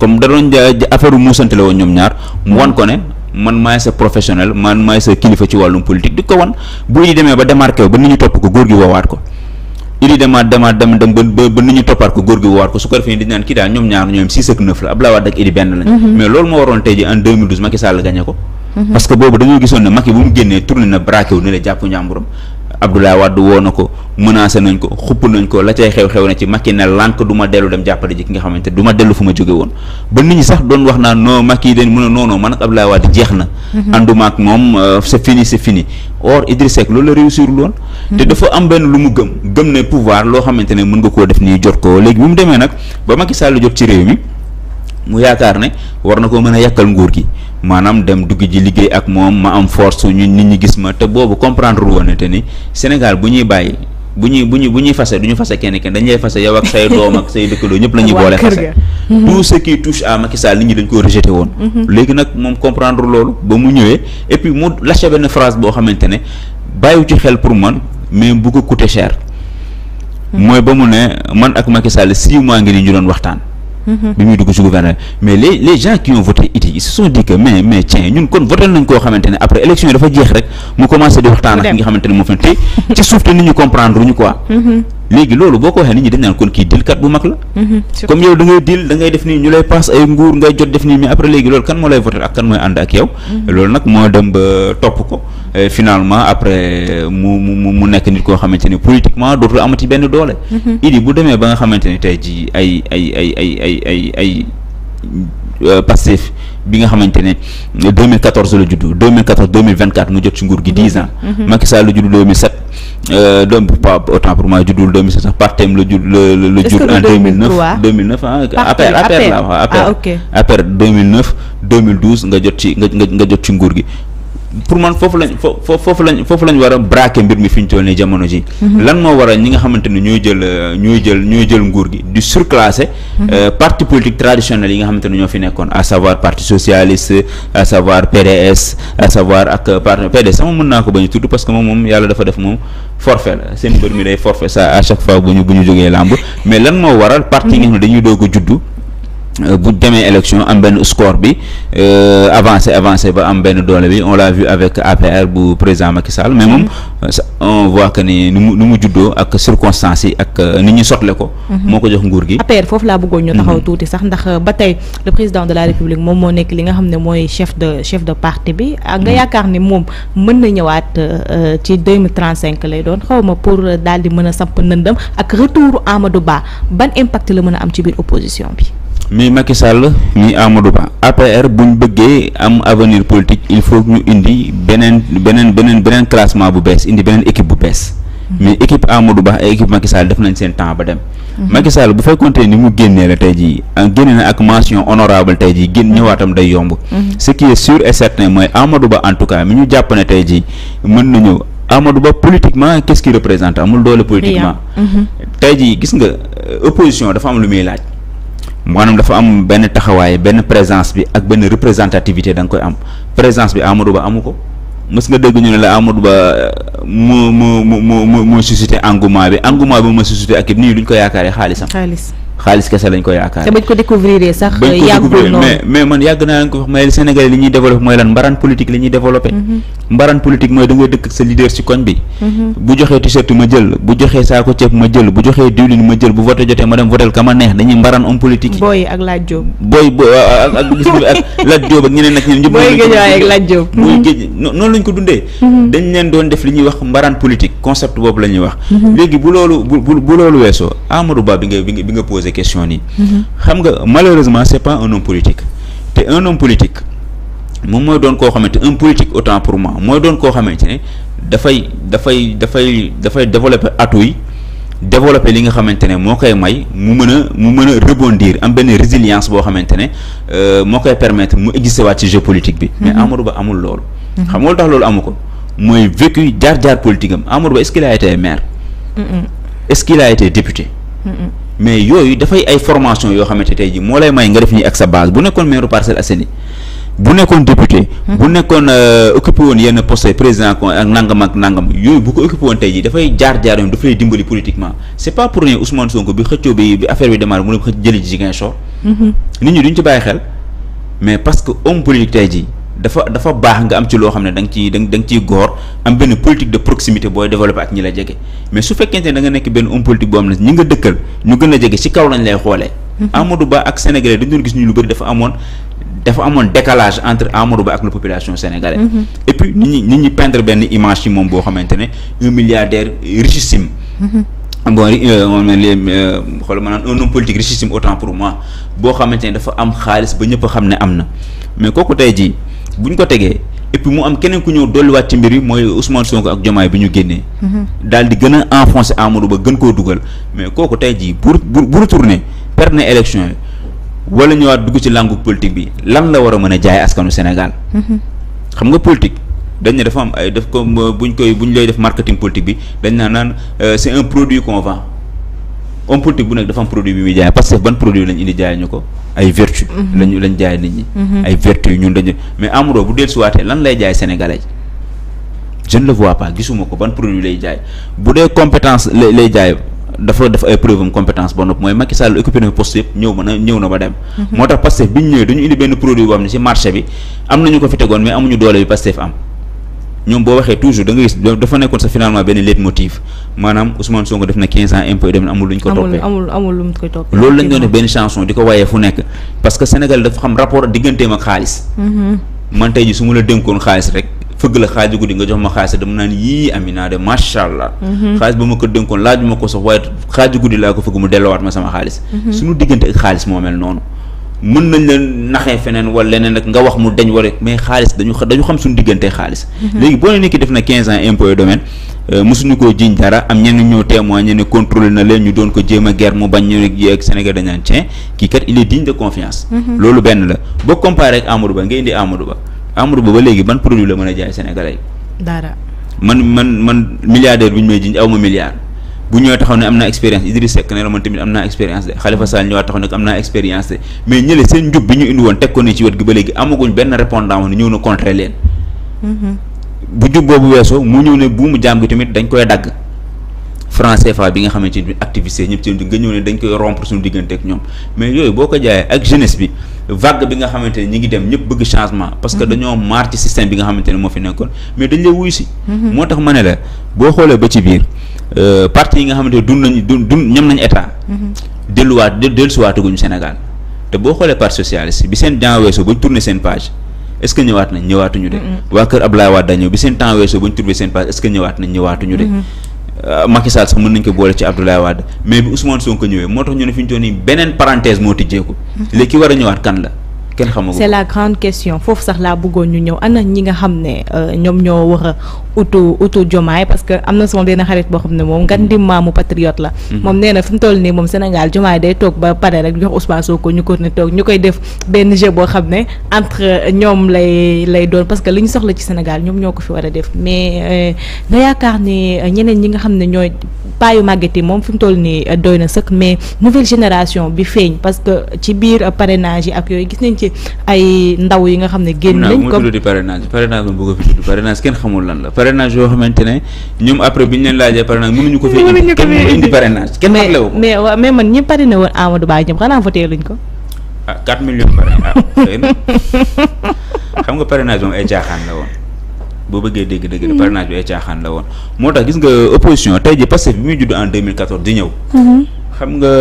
comme da doon affaire muusante la ñoom ñaar mu ko ne. man maay sa professionnel man maay sa kilifa ci wàllum politique di ko wan bu di demee ba démarqué ba nit ñu topp ko góor gi woowaat ko ili demaat dem ba ba nit ñu toppaat ko góor gi woowaat ko su ko defee di naan kii daal ñoom ñaar ñoom six ak neuf la Abdoulaye Wade ak Idi benn lañ mhm. mais loolu moo waroon tey ji en 2012 Macky Sall gagné ko mhm. parce boobu dañoo gisoon ne Macky bu mu génnee tourné na braqué wu ne la jàpp njàmburam Abdoulaye Wade woo na ko menacé nañ ko xupp nañ ko la cay xew-xew na ci Macky ne lànk du ma dellu dem jàppale ji ki nga xamante du ma dellu fu ma jóge woon ba nit ñi sax doon wax naa non Macky dañ mun a noonoo man ak Abdoulaye Wade jeex na mhm. ànduma ak moom euh, c'est fini c'est fini or Idrissa Seck loolu la réussir loon mhm. te dafa am benn lu mu gëm gëm ne pouvoir loo xamante ne mën nga koo def nii jot ko léegi bi mu demee nag ba Macky Sall jot ci réew mi mu yaakaar ne war na ko mën a yàkkal nguur gi maanaam dem dugg ji liggéey ak moom ma am force ñu nit ñi gis ma te boobu comprendre woon te ni Sénégal bu ñuy bàyyi bu ñuy bu ñuy bu ñuy fase du ñu fase kenn kenn dañ lay fase yow ak say doom ak say dëkkandoo ñëpp la ñuy boole fase tout mhm. ce qui touche à Macky nit ñi dañ ko rejeté woon mhm. léegi nag moom comprendre loolu ba mu ñëwee et puis mu lâché benn phrase boo xamante ne bàyyiwu ci xel pour man mais bu ko coûté cher mhm. mooy ba mu ne man ak Macky Sall six mois ngi ni ñu doon waxtaan bi muy dugg ci gouvernement mais les les gens qui ont voté it ils se sont dit que mais mais tiens ñun kon voté nañ koo xamante ne après élection yi dafa jeex rek mu commencé di waxtaan ak ki xamante ne moo fi te ci suuf te nit ñu comprendre ñu quoi. Mm-hmm. léegi loolu boo ko waxee nit ñi dañ naan kon kii dilkat bu mag la. Mm-hmm. comme yow da dil da def nii ñu lay paas ay nguur ngay jot def nii mais après léegi loolu kan moo lay voté ak kan mooy ànd finalement après mu mu mu nekk nit koo xamante ni politiquement dootul amati benn doole. Idi bu demee ba nga xamante ni tey jii ay ay ay ay ay ay ay. Pastef bi nga xamante ne 2014 la juddu 2014 2024 mu jot ci nguur gi 10 ans. Macky Sall la juddu 2007 donc pas autant pour moi juddul 2007 sax partem la la la en nga jot ci nga nga nga jot ci nguur gi. pour man foofu lañ foofu lañ foofu lañ war a braquer mbir mi fi ñu toll nii jamono ji mhm. lan moo war a ñi nga xamante ne ñooy jël ñooy jël ñooy jël nguur gi di surclasser mhm. euh, parti politique traditionnel yi nga xamante ne ñoo fi nekkoon à savoir parti socialiste à savoir PDS à savoir ak euh, parti PDS sama mën naa ko ba ñu tudd parce que moom moom yàlla dafa def moom forfait la seen mbir mi day forfait ça à chaque fois bu ñu bu ñu jógee làmb mais lan moo waral parti yi nga ne dañuy doog a juddu Euh, bu demee élection am benn score bi euh, avancé avancé ba am benn doole bi on l'a vu avec APR bu président Macky Sall mais moom mm-hmm. on voit que ni nu mu nu mu juddoo ak circonstances yi ak euh, nit ñi sotle ko mm-hmm. moo ko jox nguur gi APR foofu laa bëggoon ñu mm-hmm. taxaw tuuti sax ndax ba tey le président de la république moom moo nekk li nga xam ne mooy chef de chef de parti bi ah, nga yaakaar ni moom mën na ñëwaat ci deux mille cinq lay doon xaw ma pour daal di mën a samp nëndam ak retour Amadou Ba ban impact la mën a am ci biir opposition bi mi Macky Sall mi Amadou Ba APR buñ bëggee am avenir politique il faut ñu indi beneen beneen beneen beneen classement bu bees indi beneen équipe bu bees mais équipe Amadou Ba ay équipe Macky def nañ seen temps ba dem mhm. Macky Sall bu fekkoonte ni mu génnee la tey jii ah, génne na ak mention honorable tey jii génn mhm. ñëwaatam day yomb mhm. ce qui est sûr et certain mooy Amadou Ba en tout cas mi ñu jàpp ne tey jii mën na ñëw Amadou Ba politiquement qu'est-ce qu'il représente amul doole politiquement tey jii gis nga euh, opposition dafa am lu muy laaj maanaam dafa am benn taxawaay benn présence bi ak benn représentativité da nga koy am présence bi Amadou Ba amu ko mës nga dégg ñu ne la Amadou Ba euh, moo moo moo moo moo suscité engouement bi engouement bi moo suscité ak it nii lu ñu ko yaakaaree xaalisam. xaalis. xaalis kese lañ ko yaakaar. te bañ ko découvrir sax. yàggul mais mais man yàgg naa leen ko dundee. Mhm. Mhm. dañ leen doon def li ñuy wax mbaran politique concept boobu la ñuy wax. Mhm. léegi bu loolu bu bu loolu weesoo Amadou Ba bi nga bi nga posé poser question nii. Mhm. xam nga malheureusement c'est pas un homme politique te un homme politique moom mooy doon koo xamante un politique autant pour moi mooy doon koo xamante ne dafay dafay dafay dafay développer atout yi développer li nga xamante ne moo koy may mu mën a mu mën a rebondir am benn résilience boo xamante ne euh, moo koy permettre mu exister waat ci jeu politique bi. mais mhm. Amadou Ba amul loolu. Mhm. xam nga lu tax loolu amu ko mooy vécu jaar jaar politique am Amadou Ba est-ce qu'il a été maire. mm mais yooyu dafay ay formation yoo xamante tey jii moo lay may nga def nii ak sa base bu nekkoon maire Parcelles Assainies bu nekkoon député. Hmm. bu nekkoon euh, occupé woon yenn poste président ak nangam ak nangam yooyu bu ko occupé woon tey jii dafay jaar jaar yoon daf dimbali politiquement c' pas pour rien Ousmane Sonko bi xëccoo bi bi bi démarré mu ne ko jëli Ziguinchor. Hmm. nit ñi duñ ci bàyyi xel mais parce que homme politique tey jii. dafa dafa baax nga am ci loo xam ne danga nga ciy da nga ciy góor am benn politique de proximité booy développé ak ñi la jege mais su fekkente ne da nga nekk benn homme politique boo xam ne kaw lañ lay xoolee. Mm-hmm. Ba ak sénégalais dañu doon gis ñu dafa amoon dafa entre Amadou Ba ak la population sénégalaise. Mm-hmm. et puis nit ñi nit benn image ci moom boo xamante ne un milliardaire richissime. Mm-hmm. Ah bon moom li xool ma naan un homme politique richissime autant pour moi boo xamante ne dafa am xaalis ba ñëpp xam ne am na mais kooku tey jii. bu ñu ko tegee et mu am keneen ku ñëw dolliwaat ci mbir yi mooy Ousmane Sonko ak Diomaye bi ñu génnee. Mhm. daal di gën a enfoncé Amadou Ba gën koo dugal mais kooku tey jii bu bu bu retourné perte na élection yi wala ñëwaat dugg ci langue politique bi lan la war a mën a jaay askanu Sénégal. Mhm. xam nga politique dañ ne dafa am ay def comme buñ koy buñ lay def marketing politique bi dañ naa naan euh, c'est un produit qu'on vend. homme politique bu nekk dafa am produit bi muy jaay parce que ban produit lañ indi jaay ñu ko ay vertu mhm. lañu lañ jaay nit ñi mhm. ay vertu ñun dañu mais Amadou bu lay jaay sénégalais je ne le vois ko ban produit lay jaay bu dee compétence lay lay jaay dafa def ay preuve am compétence ba nopp mooy Macky Sall occupé na poste yëpp ñëw ma na ñëw na ba dem mhm. moo tax Pastef bi ñëwee dañu indi benn produit boo xam ne ci marché bi am nañu ko fi tegoon mais amuñu doole bi Pastef am ñoom boo waxee toujours da nga gis dafa nekkoon sa finalement benn leitmotiv maanaam Ousmane Sonko def na 15 ans impôt dem na amul lu ñu ko toppee loolu lañ doon def benn chanson di ko wayee fu nekk parce que Sénégal dafa xam rapport digganteem ak xaalis mm-hmm. man ji su ma la dénkoon xaalis rek fëgg la xaalis guddi nga jox ma xaalis dama naan yii Amina de macha allah. Mm-hmm. xaalis ba ma ko dénkoon laaj ma ko sax waaye xaalis guddi laa ko fëgg mu dellowaat ma sama xaalis mm-hmm. suñu diggante ak xaalis moo mel noonu mën nañ leen naxee feneen wala leneen nag nga wax mu deñ wala mais xaalis dañu dañu xam suñu diggantee xaalis. Mhm. léegi boo ne nit ki def na 15 ans impôt et domaine euh, mosuñu koo jiñ dara am ñenn ñoo témoigné ne contrôlé na leen ñu doon ko jéem a guerre mu bañ ñu ak Sénégal dañu naan tiens kii kat il est digne de confiance. Mhm. loolu benn la boo comparé ak Amadou Ba nga indi Amadou Ba Amadou Ba ba léegi ban produit la mën a jaay sénégalais. dara man man man milliardaire bi ñu may jiñ aw ma milliard. bu ñëwee taxaw ne am naa expérience Idriss Seck ne la man tamit am naa expérience de Khalifa Sall ñëwaat taxaw ne am naa expérience de mais ñële seen njub bi ñu indi woon teg ko nii ci wet gi ba léegi amaguñ benn répondant woon ñëw na contrer leen mm-hmm. bu jub boobu weesoo mu ñëw ne buumu jaam gi tamit dañ koy dagg franc CFA bi nga xamante ni activiste ñëpp ci nga ñëw ne dañ koy rompre suñu diggante ak ñoom mais yooyu boo ko jaayee ak jeunesse bi vague bi nga xamante ne ñi ngi dem ñëpp bëgg changement parce que mhm. dañoo maar ci système bi nga xamante ne moo fi nekkoon mais dañ mhm. euh, yi nga xamante ne dund nañu dund dund mhm. boo xoolee parti socialiste bi seen temps weesoo de waa kër Abdoulaye Wade dañëw bi seen temps weesoo bañ tourné seen page est ñëwaat nañ ñëwaatuñu de Euh, Macky Sall sax mën nañu ko boole ci Abdoulaye Wade mais bi Ousmane Sonko ñëwee moo tax ñu ne fi ñu toll nii beneen parenthèse moo tijjeeku. Mm-hmm. léegi ki war a ñëwaat kan la. kenn xamagum c'est la grande question foofu sax laa bëggoon ñu ñëw ana ñi nga xam ne euh, ñoom ñoo war a utu utu jomaay parce que am na sama benn xarit boo xam ne moom nga ndim maamu patriote la. Mhm. ko ne toog ñu koy def benn jeu boo xam ne entre li ñu soxla ci Sénégal ñoom ñoo ko a def mais euh, nga yaakaar ni euh, ñi nga xam ne ñooy paayu màgget yi moom fi mu toll nii doy na sëkk mais nouvelle génération bi feeñ parce que ci biir parrainage yi ak yooyu gis nañ ci ci ay ndaw yi nga xam ne génn nañ ko tuddu parrainage parrainage moom bu ko fi tuddu parrainage kenn xamul lan la parrainage yoo xamante ne ñoom après bi ñu ko fi indi parrainage kenn Ba ñoom xanaa voté luñ ko ah, ah xam nga parrainage moom ay caaxaan la woon boo bëggee dégg dëgg la parrainage bi ay caaxaan la woon moo tax gis nga opposition tey ji Pastef bi muy judd en 2014 di ñëw mm-hmm. xam nga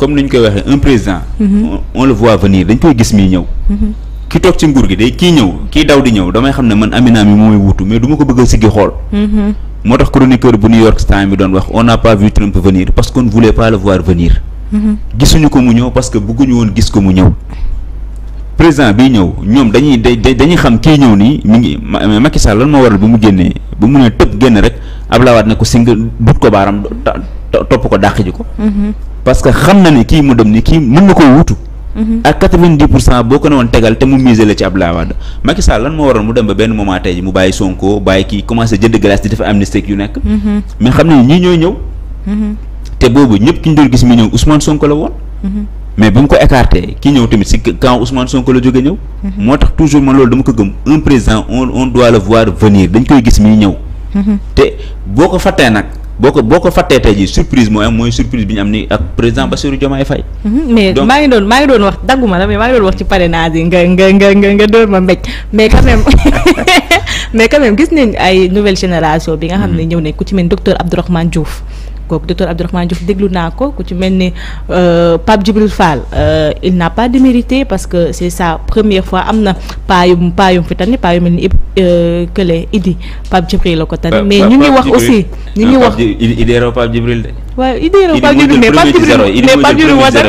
comme ni ñu koy waxee un président. Mhm. on le voit venir dañ koy gis muy ñëw. Mhm. ki toog ci nguur gi day kii ñëw kii daw di ñëw damay xam ne man Amina mi mooy wuutu mais du ma ko bëgg a siggi xool. Mhm. moo tax chroniqueur bu New York Times bi doon wax on n'a pas Trump venir parce qu'on ne voulait le voir venir. gisuñu ko mu ñëw parce que bëgguñu woon gis ko mu ñëw. président bi ñëw ñoom dañuy dañuy xam kii ñëw nii mi ngi Macky Sall lan moo waral bu mu génnee bu mu ne tëb génn rek Abdoulaye Wade ne ko si nga dut ko baaram topp ko dàq ji ko. Mm-hmm. parce que xam na ni kii mu dem ni kii mën na koo wutu. Mm-hmm. ak quatre-vingt-dix pour cent boo ko ne woon tegal te mu misé la ci Abdoulaye Wade Macky Sall lan moo waral mu dem ba benn moment tey mu bàyyi Sonko bàyyi kii commencé jënd glace di def amnistie yu nekk. Mm-hmm. mais xam nañ ñii ñooy ñëw. te boobu mi ñëw Ousmane la woon. mais bu ñu ko écarté ki ñëw tamit si quand Ousmane Sonko la jógee ñëw. Mhm. moo tax toujours man loolu dama ko gëm un président on doit le voir venir dañ koy gis muy ñëw. Mhm. te boo ko fàttee nag. boo ko boo ko fàttee tey jii surprise mooy am mooy surprise bi ñu am ni ak président Bassirou Diomaye Faye. Mhm, mais maa ngi doon maa ngi doon wax dagguma la mais maa ngi doon wax ci parrainage yi nga nga nga nga nga doon ma mbéj mais quand gis nañ ay nouvelle génération bi nga xam ne ñëw nañ ku ci kooku docteur Abdourahmane Diouf déglu naa ko ku ci mel ni euh, Pape Djibril Fall euh, il n'a pas démérité parce que c'est ça première fois am na paayum paayum fi tane paayum mel ni euh, kële Idi Pape Djibril la ko tane mais ñu ngi wax aussi ñu ngi ah, wax waaw Idy moo jël premier ci zéro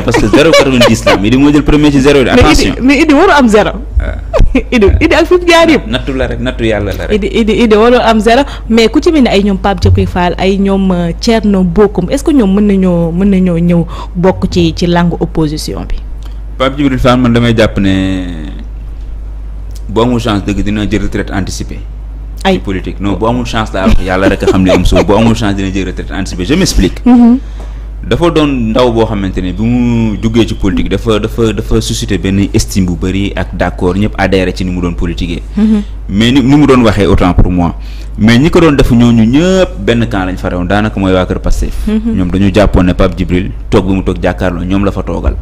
parce que zéro quatre-vingt-dix la Idy moo jël premier ci zéro attention mais Idy waru am zéro Idy Idy ak fi mu jaar yëpp nattu la rek nattu yàlla la rek Idy Idy Idy waru am zéro mais ku ci mel ne ay ñoom Pape Diokoy Fall ay ñoom euh, Thierno Bocoum est-ce que ñoom mën nañoo mën nañoo ñëw bokk ci ci langue opposition bi Pape Djibril Fall man damay jàpp ne boo amul chance dëgg dina jël retraite anticipée ay politique non bu amul chance laa wax yàlla rek xam ne am suuf bu amul chance dina jël retraite anticipée je m'explique mhm. dafa doon ndaw boo xamante ne bi mu duggee ci politique dafa dafa dafa suscité benn estime bu bëri ak d'accord ñëpp adhéré ci ni mu doon politiquer mhm. mais ni mu doon waxee autant pour moi mais ñi ko doon def ñooñu ñëpp benn camp lañ farewoon daanaka mooy waa kër Pastef mhm. ñoom dañu jàppoon ne Pape Djibril toog bi mu toog jàkkaarloo ñoom la fa toogal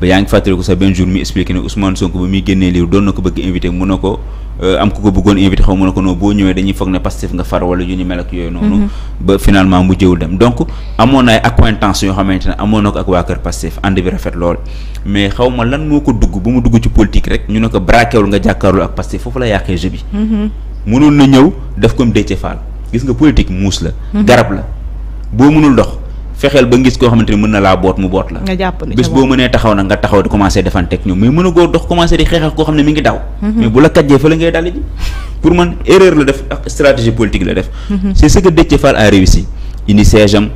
ba yaa ngi fàttaliku sax benn jour mi expliqué ne Ousmane Sonko ba muy génnee livre doon na ko bëgg invité mun na ko euh, am ku ko bëggoon invité xaw mun na ko non boo ñëwee dañuy foog ne Pastef nga far wala yu ñu mel yooyu noonu mhm. ba finalement mu jëwul dem donc amoon na ay yoo xamante moo ko dugg ba mu dugg ci politique rek ñu ne ko braquéwul nga jàkkaarloo foofu la mënoon na ñëw def comme Déthié Fall gis nga politique muus la. Mhm. garab la boo mënul dox fexeel ba ngis koo xamante ni na laa boot mu boot la. nga boo mënee taxaw nag nga taxaw di commencé defanteeg ñoom mais mën a góor dox commencé di xeexal koo xam ne mi ngi daw. Mhm. mais bu la kàjjee fa la ngay dal ji pour man erreur la def stratégie politique la def. Mhm. c'est ce que Déthié Fall a réussi indi siège am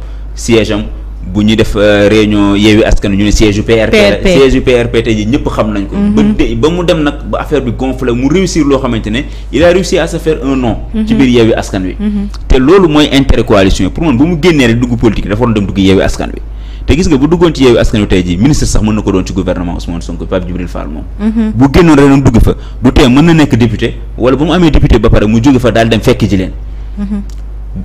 bu ñu def euh, réunion yeewi askan ñu ne siège PRP siège yu PRP tey ji ñëpp xam nañ ko mhm. ba de ba mu dem nag ba affaire bi gonflé mu réussir loo xamante ne il a réussi à se faire un nom mhm. ci wi mhm. te loolu mooy intérêt pour man bu mu génnee rek dugg politique dafa waroon dem dugg yeewi askan wi te gis nga bu duggoon ci yeewi askan wi tey jii ministre sax mën na ko doon ci gouvernement Ousmane Sonko Pape Djibril Fall moom bu génnoon rek nag fa du tee mën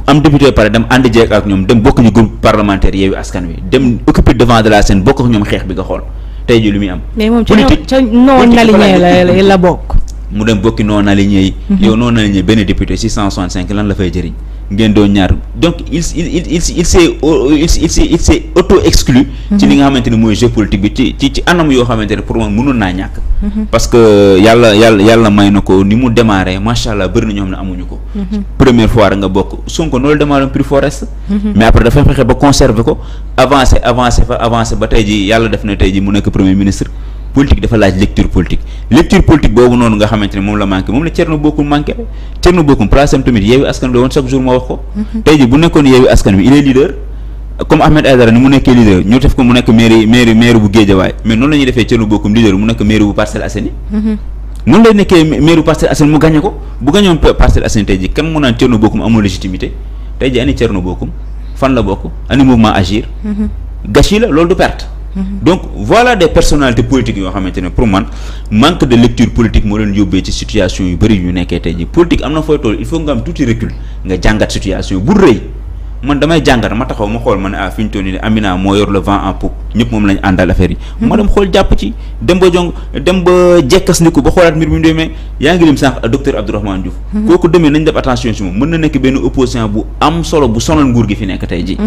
am député pare dem ànd jeeg ak ñoom dem bokk ñu groupe parlementaire Yewwi Askan Wi dem occupé devant de la scène bokk ak ñoom xeex bi nga xool tey ji lu am. mais moom ca non la la bokk. mu dem bokki non aligné yi. Mhm. yow non aligné benn député 665 lan la fay jëriñ. ngeen doon ñaar donc il il il il s' est il s' il s' est auto exclu. ci li nga xamante ni mooy jeu politique bi ci ci ci anam yoo xamante ne pour man mënoon naa ñàkk. Mhm. parce que yàlla yàlla yàlla may na ko ni mu démarré macha allah bëri na ñoom ne amuñu ko. Mhm. première fois nga bokk Sonko noonu démarré plus forest mhm. mais après dafa fexe ba conserver ko avancé avancé fa avancé ba tey ji yàlla def na tey ji mu nekk premier ministre. politique dafa laaj lecture politique lecture politique boobu noonu nga xamante ne moom la manqué moom la Thierno Bocoum manqué Thierno la woon chaque jour ma wax ko mhm. tey jii nekkee maire maire maire bu Guédiawaye noonu la ñuy maire bu Parcelles Assainies mhm. noonu lay nekkee maire bu Parcelles Assainies mu gagné ko bu gagnoon Parcelles Assainies tey jii kan mu naan Thierno Bocoum amul légitimité tey jii ani Thierno Bocoum fan la bokk ani mouvement agir mhm. gâchis la loolu du perte Mm-hmm. donc voilà des personnalités politiques yoo xamante ne pour man manque de lecture politique moo leen yóbbee ci situation yu bëri yu ñu nekkee tey jii politique am na fooy toll il faut nga am tuuti recul nga jàngat situation bu rëy man damay jàngat ma taxaw ma xool ma ne ah fi ñu toll nii Amina moo yor le vent en poupe ñëpp moom lañ àndal affaire yi. Mm-hmm. ma dem xool jàpp ci dem ba jong dem ba jekkas ni ko ba xoolaat mbir mi ñu demee yaa ngi lim sànq docteur Abdourahmane Diouf. Mm-hmm. kooku demee nañ def attention si moom mën na nekk benn opposant bu gi fi nekk tey jii.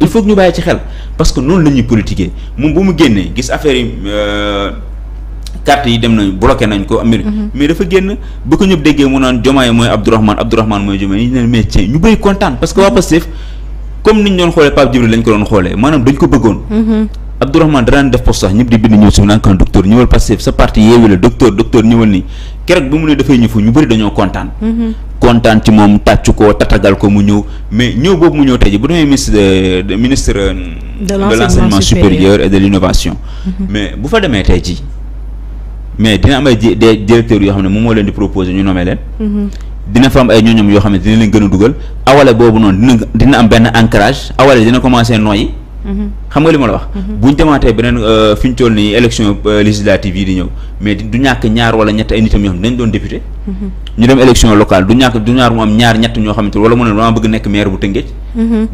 il faut ñu bàyyi ci xel parce que noonu la ñuy politiquer moom bu mu génnee gis affaire yi euh, carte yi dem nañ bloqué nañ ko Amérique mm-hmm. mais dafa génn ba ko ñëpp déggee mu naan Diomaye mooy Abdourahmane Abdourahmane mooy Diomaye ñu ne mais tiens ñu bëri kontaan parce que waa mm-hmm. Pastef comme niñ doon xoolee Pape Djibril lañ ko doon xoolee maanaam dañ ko bëggoon mm-hmm. Abdourahmane danaan def post sax ñëpp di bind ñëw suuf naan kan docteur ñëwal Pastef sa parti yeewu la docteur docteur ñëwal nii keroog bi mu ne dafay ñëfu ñu bëri dañoo kontaan. Mhm. kontaan ci moom tàccu ko tatagal ko mu ñëw mais ñëw boobu mu ñëw tey ji bu demee ministre de ministre. Euh, de l'enseignement supérieur et de l'innovation mhm. mais bu fa demee tey ji mais dina am ay des directeurs yoo xam ne moom moo leen di proposer ñu nommé leen. Mhm. dina fa am ay ñooñom yoo xam ne dina leen gën a dugal awale boobu noonu dina am benn ancrage awale dina commencer noyyi. xam nga li ma la wax. bu ñu demaatee beneen euh, fi ñu toll nii élection euh, législative yi di ñëw mais du ñàkk ñaar wala ñett ay nitam am ñaar ñett ñoo xamante wala mu ne dama bëgg nekk maire bu Tëngéej.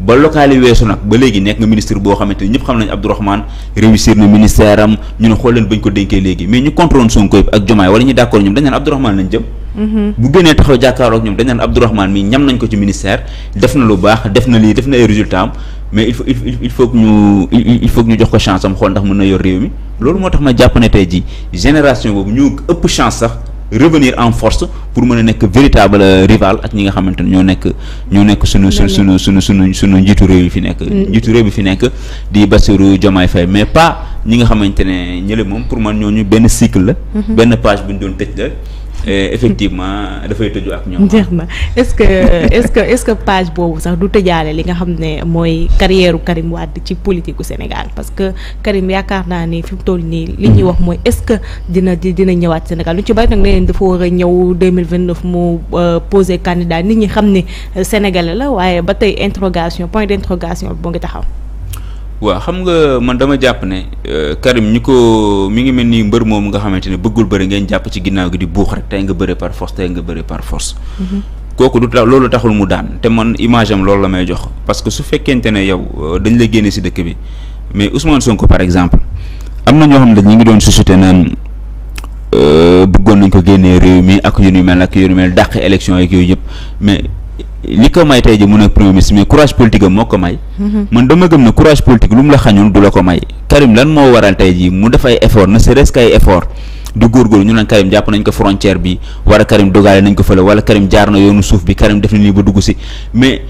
ba locale weesu nag ba léegi nekk nga ministre boo xamante ni ñëpp xam nañu Abdourahmane réussir na ministère ñu ne xool leen bañ ko dénkee léegi mais ñu contrôle Sonko ak Diomaye wala ñu d'accord ñoom dañ naan Abdourahmane lañ jëm. Mm-hmm. bu gënee taxaw jàkkaaroog ñoom dañ naan Abdourahmane mi ñam nañ ko ci ministère def na lu baax def na lii def na ay résultat am mais il faut il faut que ñu il faut que ñu jox ko chance am xool ndax mën na yor réew mi loolu moo tax ma jàpp ne tey jii génération boobu ñu ëpp chance sax revenir en force pour mën a nekk véritable euh, rival ak ñi nga xamante ne ñoo nekk ñoo nekk sunu sunu sunu sunu sunu sunu njiitu réew yi fi nekk. Mm. njiitu réew bi fi nekk di Bassirou Diomaye Faye mais pas ñi nga xamante ne ñële moom pour man ñooñu benn cycle la. Mm-hmm. benn page bu ñu doon tëj la. Euh, effectivement dafay tëju ak ñoom. jeex na est-ce que est-ce que est-ce que page boobu sax du tëjaale li nga xam ne mooy carrière Karim Wade ci politique Sénégal parce que Karim yaakaar naa ni fi mu toll nii. li ñuy mm-hmm. wax mooy est-ce que dina dina ñëwaat Sénégal lu ci bari nag nee dafa war a ñëw 2029 mu euh, posé candidat nit ñi xam ne sénégalais la waaye ba tey interrogation point d'interrogation boo ngi taxaw. waaw xam nga man dama jàpp ne euh, Karim ñi ko mu ngi mel nii mbër moom nga xamante ne bëggul bëri ngeen jàpp ci ginnaaw gi di buux rek tey nga bëre par force tey nga bëre par force. Mm-hmm. kooku du tax loolu taxul mu daan te man image am loolu la may jox parce que su fekkente ne yow euh, dañ la génne si dëkk bi mais Ousmane Sonko par exemple am na ñoo xam ne ñu ngi doon suscité naan euh, bëggoon nañ ko génnee réew mi ak yu ni mel ak yu ni mel dàq élection yeeg yooyu yëpp mais. li ko may tey ji mu a premier ministre mais courage politique am moo ko may. Mhm. man dama gëm ne courage politique lu mu la xañul du la ko may. Karim lan moo waral tey ji mu def ay effort ne serait-ce qu'ay effort di góorgóorlu ñu naan Karim jàpp nañ ko frontière bi war a Karim dogaale nañ ko fële wala Karim jaar na yoonu suuf bi Karim def na ba dugg si mais.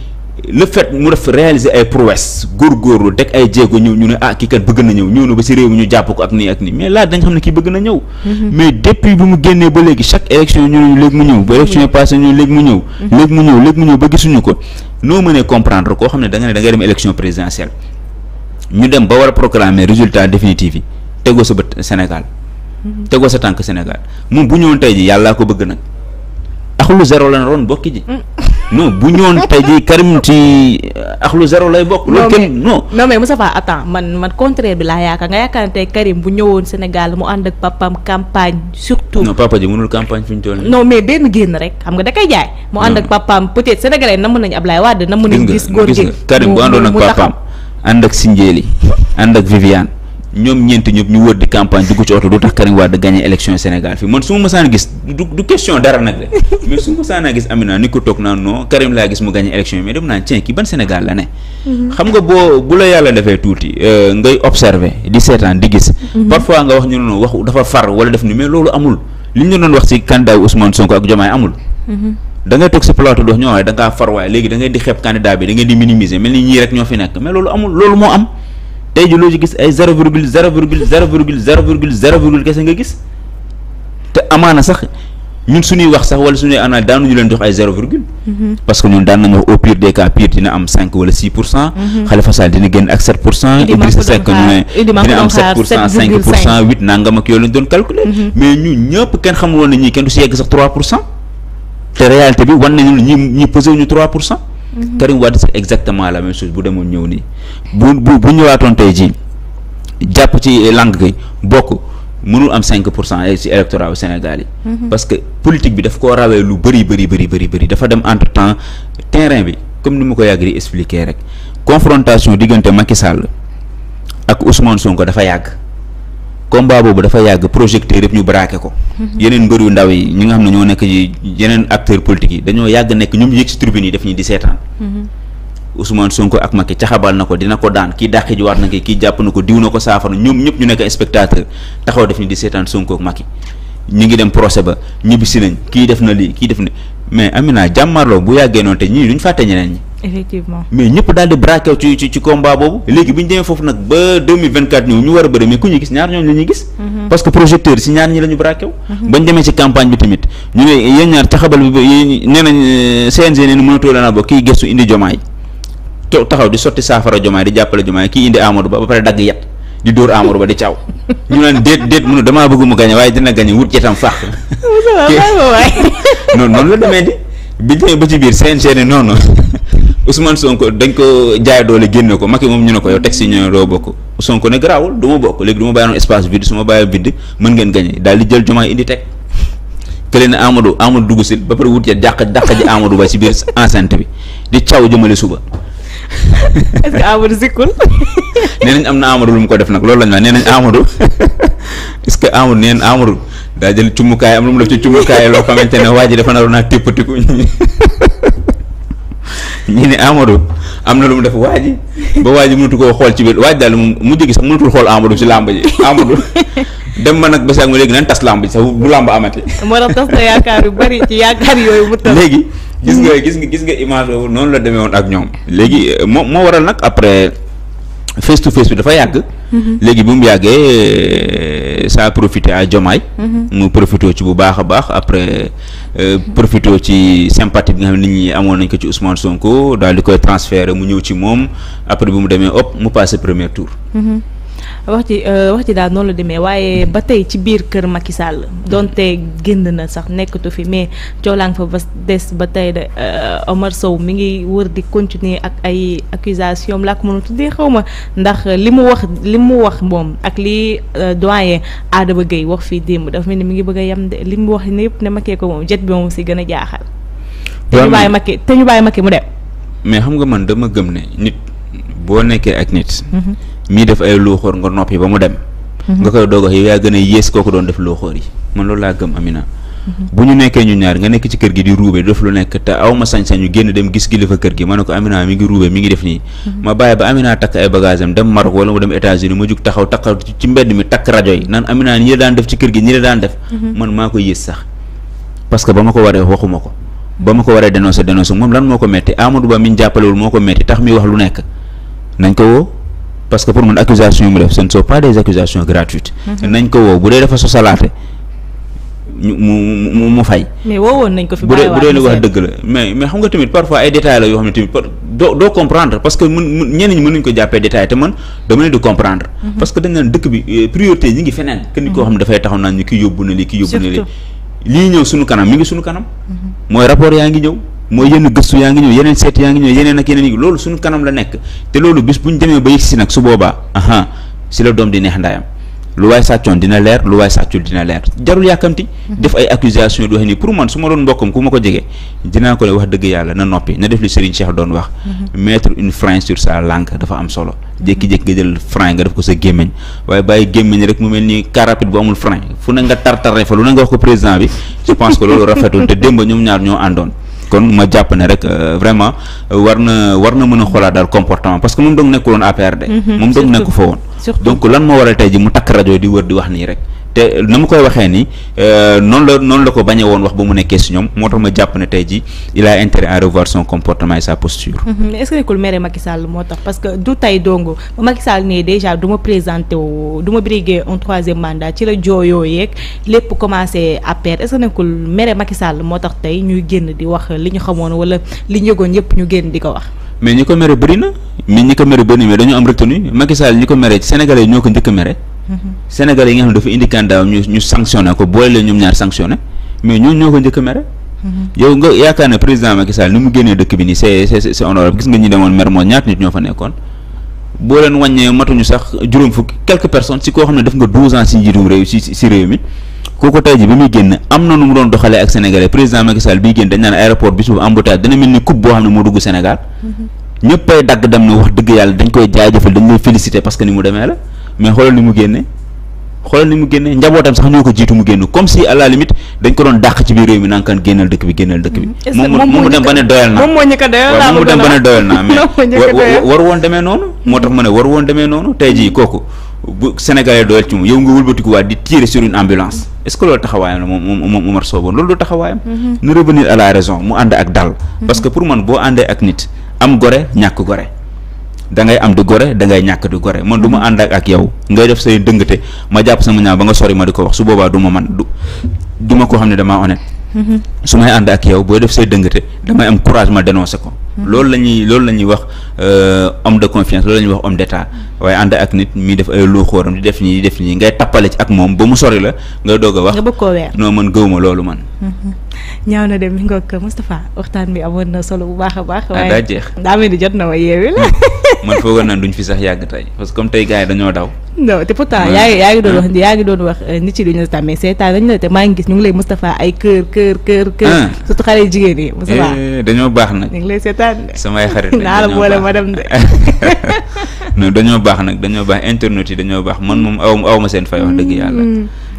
le fait mu def réaliser ay prouesse góorgóorlu teg ay jéego ñu ñu ne ah kii kat bëgg na ñëw ñëw na ba si réew mi ñu jàpp ko ak nii ak nii mais laaj dañ xam ne kii bëgg na ñëw. Mm-hmm. mais depuis bi mu génnee ba léegi chaque élection ñu ne léegi ñu mm-hmm. léegi mu ñëw. ba gisuñu ko noo mënee comprendre koo xam ne da nga ne da dem élection présidentielle ñu dem ba war a programmer résultat définitif yi tegoo sa bët Sénégal. Mm-hmm. tegoo sa tànk Sénégal moom bu ñëwoon tey ji yàllaa ko bëgg nag axlu zéro la naroon non bu ñoon tey jii Karim ci euh, axlu zéro lay bokk. loolu kenn non non mais Moustapha attends man man contraire bi laa yaakaar nga yaakaar ne tey Karim bu ñëwoon Sénégal mu ànd ak papam campagne surtout. non papa ji mënul campagne fi ñu toll nii. mais benn génn rek xam nga da koy jaay. mu ànd ak papam peut être sénégalais namm nañu Ablaye Wade namm nañu. gis góor gi Karim bu àndoon ak papam ànd ak Sindiély ànd ak Viviane. ñoom ñeenti ñëpp ñu wër di campagne dugg ci oto du tax Karim Wade gagné élection Sénégal fii man su ma mësaan gis du du question dara nag de mais su ma mësaan gis Amina ni ko toog naan non Karim laa gis mu gagné élection yi mais dem naa tiens kii ban Sénégal la ne. Mhm. xam nga boo bu la yàlla defee tuuti euh, ngay observer di seetaan di gis. Mhm. parfois nga wax ñu ne wax dafa far wala def ni mais loolu amul li ñu doon wax ci candidat Ousmane Sonko ak Diomaye amul. Mhm. tey ji loo ci gis ay zéro virgule zéro virgule zéro virgule zéro virgule kese nga gis te amaana sax ñun suñuy wax sax wala suñuy analyse daanuñu leen jox ay zéro virgule mm-hmm. parce que ñun daan nañu wax au pour cent mm-hmm. Khalifa Sall dina génn ak sept ñu ne dina am sept pour cent cinq pour cent huit nangam ak yooyu lañ doon calculer mm-hmm. mais ñu ñëpp kenn xamul woon ne kenn du si yegg sax trois pour cent te réalité bi wan nañu ñi ñi posé ñu trois pour cent Mhm. Karim Wade c'est exactement la même chose bu demoon ñëw nii bu bu bu ñëwaatoon tey jii jàpp ci langue gi bokk mënul am cinq pour cent ci électorat bu Sénégal yi mhm. parce que politique bi daf koo rawee lu bëri bëri bëri bëri bëri dafa dem entre temps terrain bi comme ni ma ko yàgg di expliquer rek confrontation diggante Macky Sall ak Ousmane Sonko dafa yàgg combat boobu dafa yàgg projecteur yëpp ñu braqué ko. Mhm. yeneen mbër yu ndaw yi ñi nga xam ne ñoo nekk yi yeneen acteurs politiques yi dañoo yàgg nekk ñoom yëg ci tribune yi daf ñuy di seetaan. Mhm. Ousmane Sonko ak Macky caxabal na ko dina ko daan kii dàqi waat na ko kii jàpp na ko diw na ko saafara ñoom ñëpp ñu nekk spectateur taxaw def ñu di seetaan Sonko ak Macky ñu ngi dem procès ba si nañ kii def na lii kii def na mais Amina jàmmarloo bu yàggee noonu te ñii duñ fàtte ñeneen ñi. mais ñëpp daal di braqué ci ci ci combat boobu léegi bi ñu demee foofu nag ba deux mille vingt quatre ñëw ñu war a bëri mais ku ñu gis ñaar ñooñu la ñuy gis. Mhm. parce que projecteur si ñaar ñi la ñu mhm. ba ñu demee ci campagne bi tamit ñu ne yéen ñaar caxabal bi ba yéen nee nañ euh, CNG nee na mënatoo leen a bokk kii gëstu indi jomaay to taxaw di sotti saafara jomaay di jàppale jomaay kii indi Amadou Ba ba pare dagg yat di dóor Amadou Ba di caaw ñu naan déet déet mënu damaa bëgg mu gañe waaye dina gañe wut yetam fàq. non noonu la demee di bi demee ba ci biir CNG ne non non Ousmane Sonko dañ ko jaay doole génne ko mag yi moom ñu ne ko yow teg si ñoom doo bokk Sonko ne grawul du ma bokk léegi du ma bàyyi noonu espace vide su ma bàyyi vide mën ngeen gañe daal di jël Diomaye indi teg. kële ne Amadou Amadou dugg si ba pare wut ya dàq dàq ji Amadou Ba ci biir enceinte bi di caaw jëmale suba. est-ce que Amadou sikkul. nee am na Amadou lu mu ko def nag loolu la ñu wax nee nañ Amadou est-ce que Amadou nee nañ daa jël cumukaay am lu mu def ci cumukaay loo xamante ne waa ji dafa naroon naa téppatiku ñi ne Amadou am na lu mu def waa ji ba waa ji mënatu koo xool ci biir waa daal mu mujj gi sax mënatul xool Amadou ci làmb ji Amadou dem ma nag ba saa mu léegi nan tas làmb ji sax bu làmb amati. moo tax tas na yaakaar yu bari ci yaakaar yooyu mu tas léegi. gis nga gis nga gis nga image boobu noonu la deme woon ak ñoom léegi euh, moo moo waral nag après face to face bi dafa yàgg mm-hmm. léegi bi mu yàggee euh, ça a profité à Diomaye mm-hmm. mu profité ci bu baax a baax après euh, profité ci sympathie bi nga xam nit ñi amoon nañ ko ci Ousmane Sonko daal di koy transféré mu ñëw ci moom après bi mu demee ëpp mu passé première tour mm-hmm. wax ji euh, wax ji daal noonu la demee waaye ba tey ci biir kër Macky Sall donte génn na sax nekkatu fi mais coolaang fa ba des ba tey de euh, Omar Sow mi ngi wër di continuer ak ay accusation laa ko mën a tuddee xaw ma ndax li mu wax li mu wax moom ak li euh, doyen Adama Gueye wax fii démb dafa mel ni mu ngi bëgg a yem li mu wax ne yëpp ne Macky ko moom jet bi moom si gën a jaaxal te ñu bàyyi Macky te ñu bàyyi Macky mu dem mais xam nga man dama gëm ne nit boo nekkee ak nit mhm. mii def ay looxoor nga noppi ba mu dem mhm. nga koy doog a yow yaa gën a yées kooku doon def looxoor yi man loolu laa gëm Amina bu ñu nekkee ñu ñaar nga nekk ci kër gi di ruube def lu nekk te aw ma sañ-sañu génn dem gis kilifa kër gi ma ne ko Amina mi ngi ruube mi ngi def nii mhm. ma bàyyi ba Amina takk ay bagage dem Maroc wala mu dem États-Unis ma jug taxaw taxaw ci mbedd mi takk rajo yi naan Amina ñi la daan def ci kër gi ñi la daan def mhm. man maa ko yées sax parce que ba ma ko waree waxuma ko ba parce que pour man accusation yi mu def ce ne sont pas des accusations gratuites. Mhm. nañ ko woo bu dee dafa sosalaate mu mu mu fay. bu dee bu dee lu wax dëgg la mais xam nga tamit parfois ay détails la yoo xam ne tamit doo doo comprendre parce que mën mën ñenn ñi mënuñ ko jàppee détail te man dama leen di comprendre. Mhm. parce que dañ naan dëkk bi euh, priorité ñi ngi feneen. que koo xam ne mhm. dafay taxaw naan ñu ki yóbbu na li ki yóbbu na li. lii ñëw suñu kanam mi ngi mooy yenn gëstu yaa ngi ñëw yeneen seet yaa ngi ñëw yeneen ak yeneen yi loolu suñu kanam la nekk te loolu bis bu ñu demee ba yëgsi nag su boobaa aha si la doom di neex ndaayam lu waay sàccoon dina leer lu waay sàccul dina leer jarul yàkkamti mhm. def ay accusation di wax nii pour man su ma doon mbokkam ku ma ko jege dinaa ko ne wax dëgg yàlla na noppi na def li Serigne Cheikh doon wax mhm. mettre une frein sur sa langue dafa am solo mhm. jékki-jékki nga jël frein mu mel ni car rapide bu amul frein kon ma jàpp ne rek euh, vraiment euh, war na war na mën a xoolaat daal comportement parce que moom doog nekkul woon APR de mhm. moom doog nekku fa woon donc lan moo waral tey ji mu takk rajo di wër di wax nii rek te na mu koy waxee ni euh, noonu la noonu la ko bañee woon wax ba mu nekkee si ñoom moo tax ma jàpp ne tey ji il a intérêt à revoir son comportement et sa posture. Mm-hmm. mais est-ce nekkul maire Macky moo tax parce que du tey dong Macky Sall ne déjà du ma présenté wu du ma briguer ci la jooyoo yeeg lépp commencé à perdre est-ce que Sall moo tax tey ñuy génn di wax li ñu xamoon wala li ñu yëgoon yëpp ñu génn di ko wax. mais ñi ko mere bëri na mais ñi ko mere bëri mais dañu am retenu Macky Sall ñi ko mere Sénégalais ñoo ko njëkk mere. Sénégalais yi nga xam ne dafa indi candidat ñu ñu sanctionné ko boole leen ñoom ñaar sanctionné mais ñooñu ñoo ko njëkk a mere. Mhm. yow nga yaakaar ne président Macky Sall ni mu génnee dëkk bi nii c'est c'est c'est gis nga ñu demoon mer moo ñaata nit ñoo sax juróom fukki quelques personnes si koo xam ne def nga 12 ans na nu mu doon doxalee ak sénégalais président Macky Sall biy génn dañ naan aéroport bi suuf embouteillage dana mel ni coupe boo xam ne moo dugg Sénégal mhm. ñëppay dagg dem ne wax dëgg yàlla dañ koy jaajëfal dañ lay féliciter parce que ni mu demee la mais xoolal ni mu génne xoolal ni mu génne njabootam sax ñoo ko jiitu mu génn comme si à la limite dañ ko doon dàq ci biir réew mi naan kan génnal dëkk bi génnal dëkk bi. Mm-hmm. moom ne doyal naa moom moo ñu ko doyal dem ba ne doyal naa mais war woon demee noonu moo tax ma ne war woon demee noonu tey jii kooku bu Sénégalais doyal ci moom yow nga waa di tirer sur une ambulance mm-hmm. est ce que loolu taxawaayam la moo moom Omar Sow loolu du taxawaayam. Mm-hmm. ne revenir à la raison mu ànd ak dal. que pour man boo àndee ak nit am gore ñàkk gore da ngay am di gore da ngay ñàkk di gore man du ma ànd ak ak yow ngay def say dëngate ma jàpp sama ñaaw ba nga sori ma di ko wax su boobaa du ma man du du ma koo xam ne damaa honnête mhm. su may ànd ak yow booy def say dëngate damay am courage ma dénoncé ko mhm. loolu la ñuy loolu la ñuy wax euh, homme de confiance loolu la ñuy wax homme d'état waaye ànd ak nit muy def ay loo xóoram di def nii di def nii ngay tappale ci ak moom ba mu sori la nga doog a wax. noo man gëw ma loolu man. Mhm. ñaaw na dem mi ngoog Moustapha waxtaan bi amoon na solo bu baax a baax. Ah, waaye daa jeex daa mel ni jot na ma yeewi la. Hmm. man foogoon naa duñ fi sax yàgg tey parce que comme tey gars yi dañoo daw. non te pourtant hmm. yaa ngi yaa ngi doon wax hmm. yaa ngi doon wax eh, nit ci duñu la tàmmee seetaan dañu la maa ngi gis ñu ngi lay Moustapha ay kër kër kër kër. surtout xale yu jigéen yi eh, dañoo baax nag ñu ngi lay seetaan. samay xarit naa la boole dem de. non dañoo baax nag dañoo baax internet yi dañoo baax man moom aw aw ma seen fay wax dëgg yàlla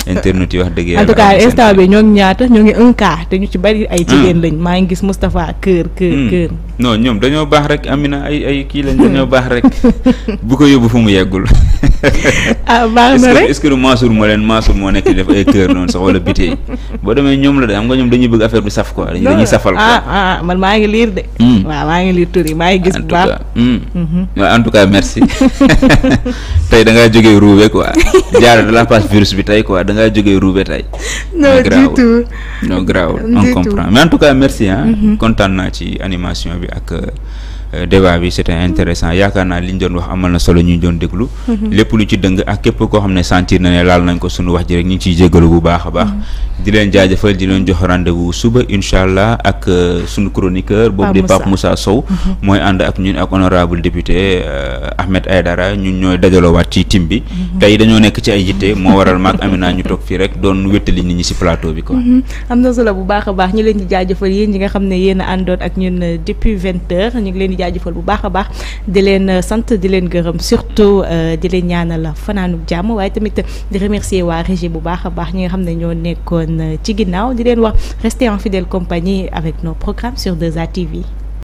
internet yi wax dëgg yàlla en tout ñoo ngi ñaata ñoo ngi un te ñu ci bari ay hmm. jigéen lañ maa ngi gis Moustapha kër kër hmm. kër non ñoom dañoo baax rek Amina ay ay kii lañ dañoo baax rek bu ko yóbbu fa mu yeggul ah baax na rek est leen Mansour moo nekk di def ay kër noonu sax wala bité boo demee ñoom la de am nga ñoom dañuy bëgg affaire bi saf quoi dañuy safal quoi ah, ah man maa ngi liir de. Hmm. maa ngi liir tur yi maa ngi gis. bu baax hmm. mhm. en tout cas merci tey da ngaa jógee Roubaix quoi jaara de la passe virus bi tey quoi da ngaa jógee Roubaix tey. non du tout non grawul on en tout cas merci ah. kontaan naa ci animation bi ak. Euh, Euh, débat bi c'était intéressant yaakaar naa li ñu doon wax amal na solo ñu doon déglu mhm. lépp lu ci dëng ak képp koo xam ne sentir na ne laal nañ ko suñu wax ji rek ñu ngi ciy a mhm. jox rendez suba incha allah ak euh, suñu chroniqueur boobu di Pape Moussa Sow mhm. mooy ànd ak ñun ak honorable député euh, Ahmed Aydara ñun ñooy dajaloowaat ci tim bi tey dañoo nekk ci ay yitte moo waral maag Amina ñu toog fii rek doon wéttali nit ñi si plateau bi quoi am na solo bu baax a baax ñu leen a jaajëfal bu baax a baax di leen euh, sant di leen gërëm surtout euh, di leen la fanaanub jàmm waaye tamit di remercier waa régie bu baax a baax ñi nga xam ne ñoo nekkoon euh, ci ginnaaw di leen wax restez en fidèle compagnie avec nos programmes sur 2A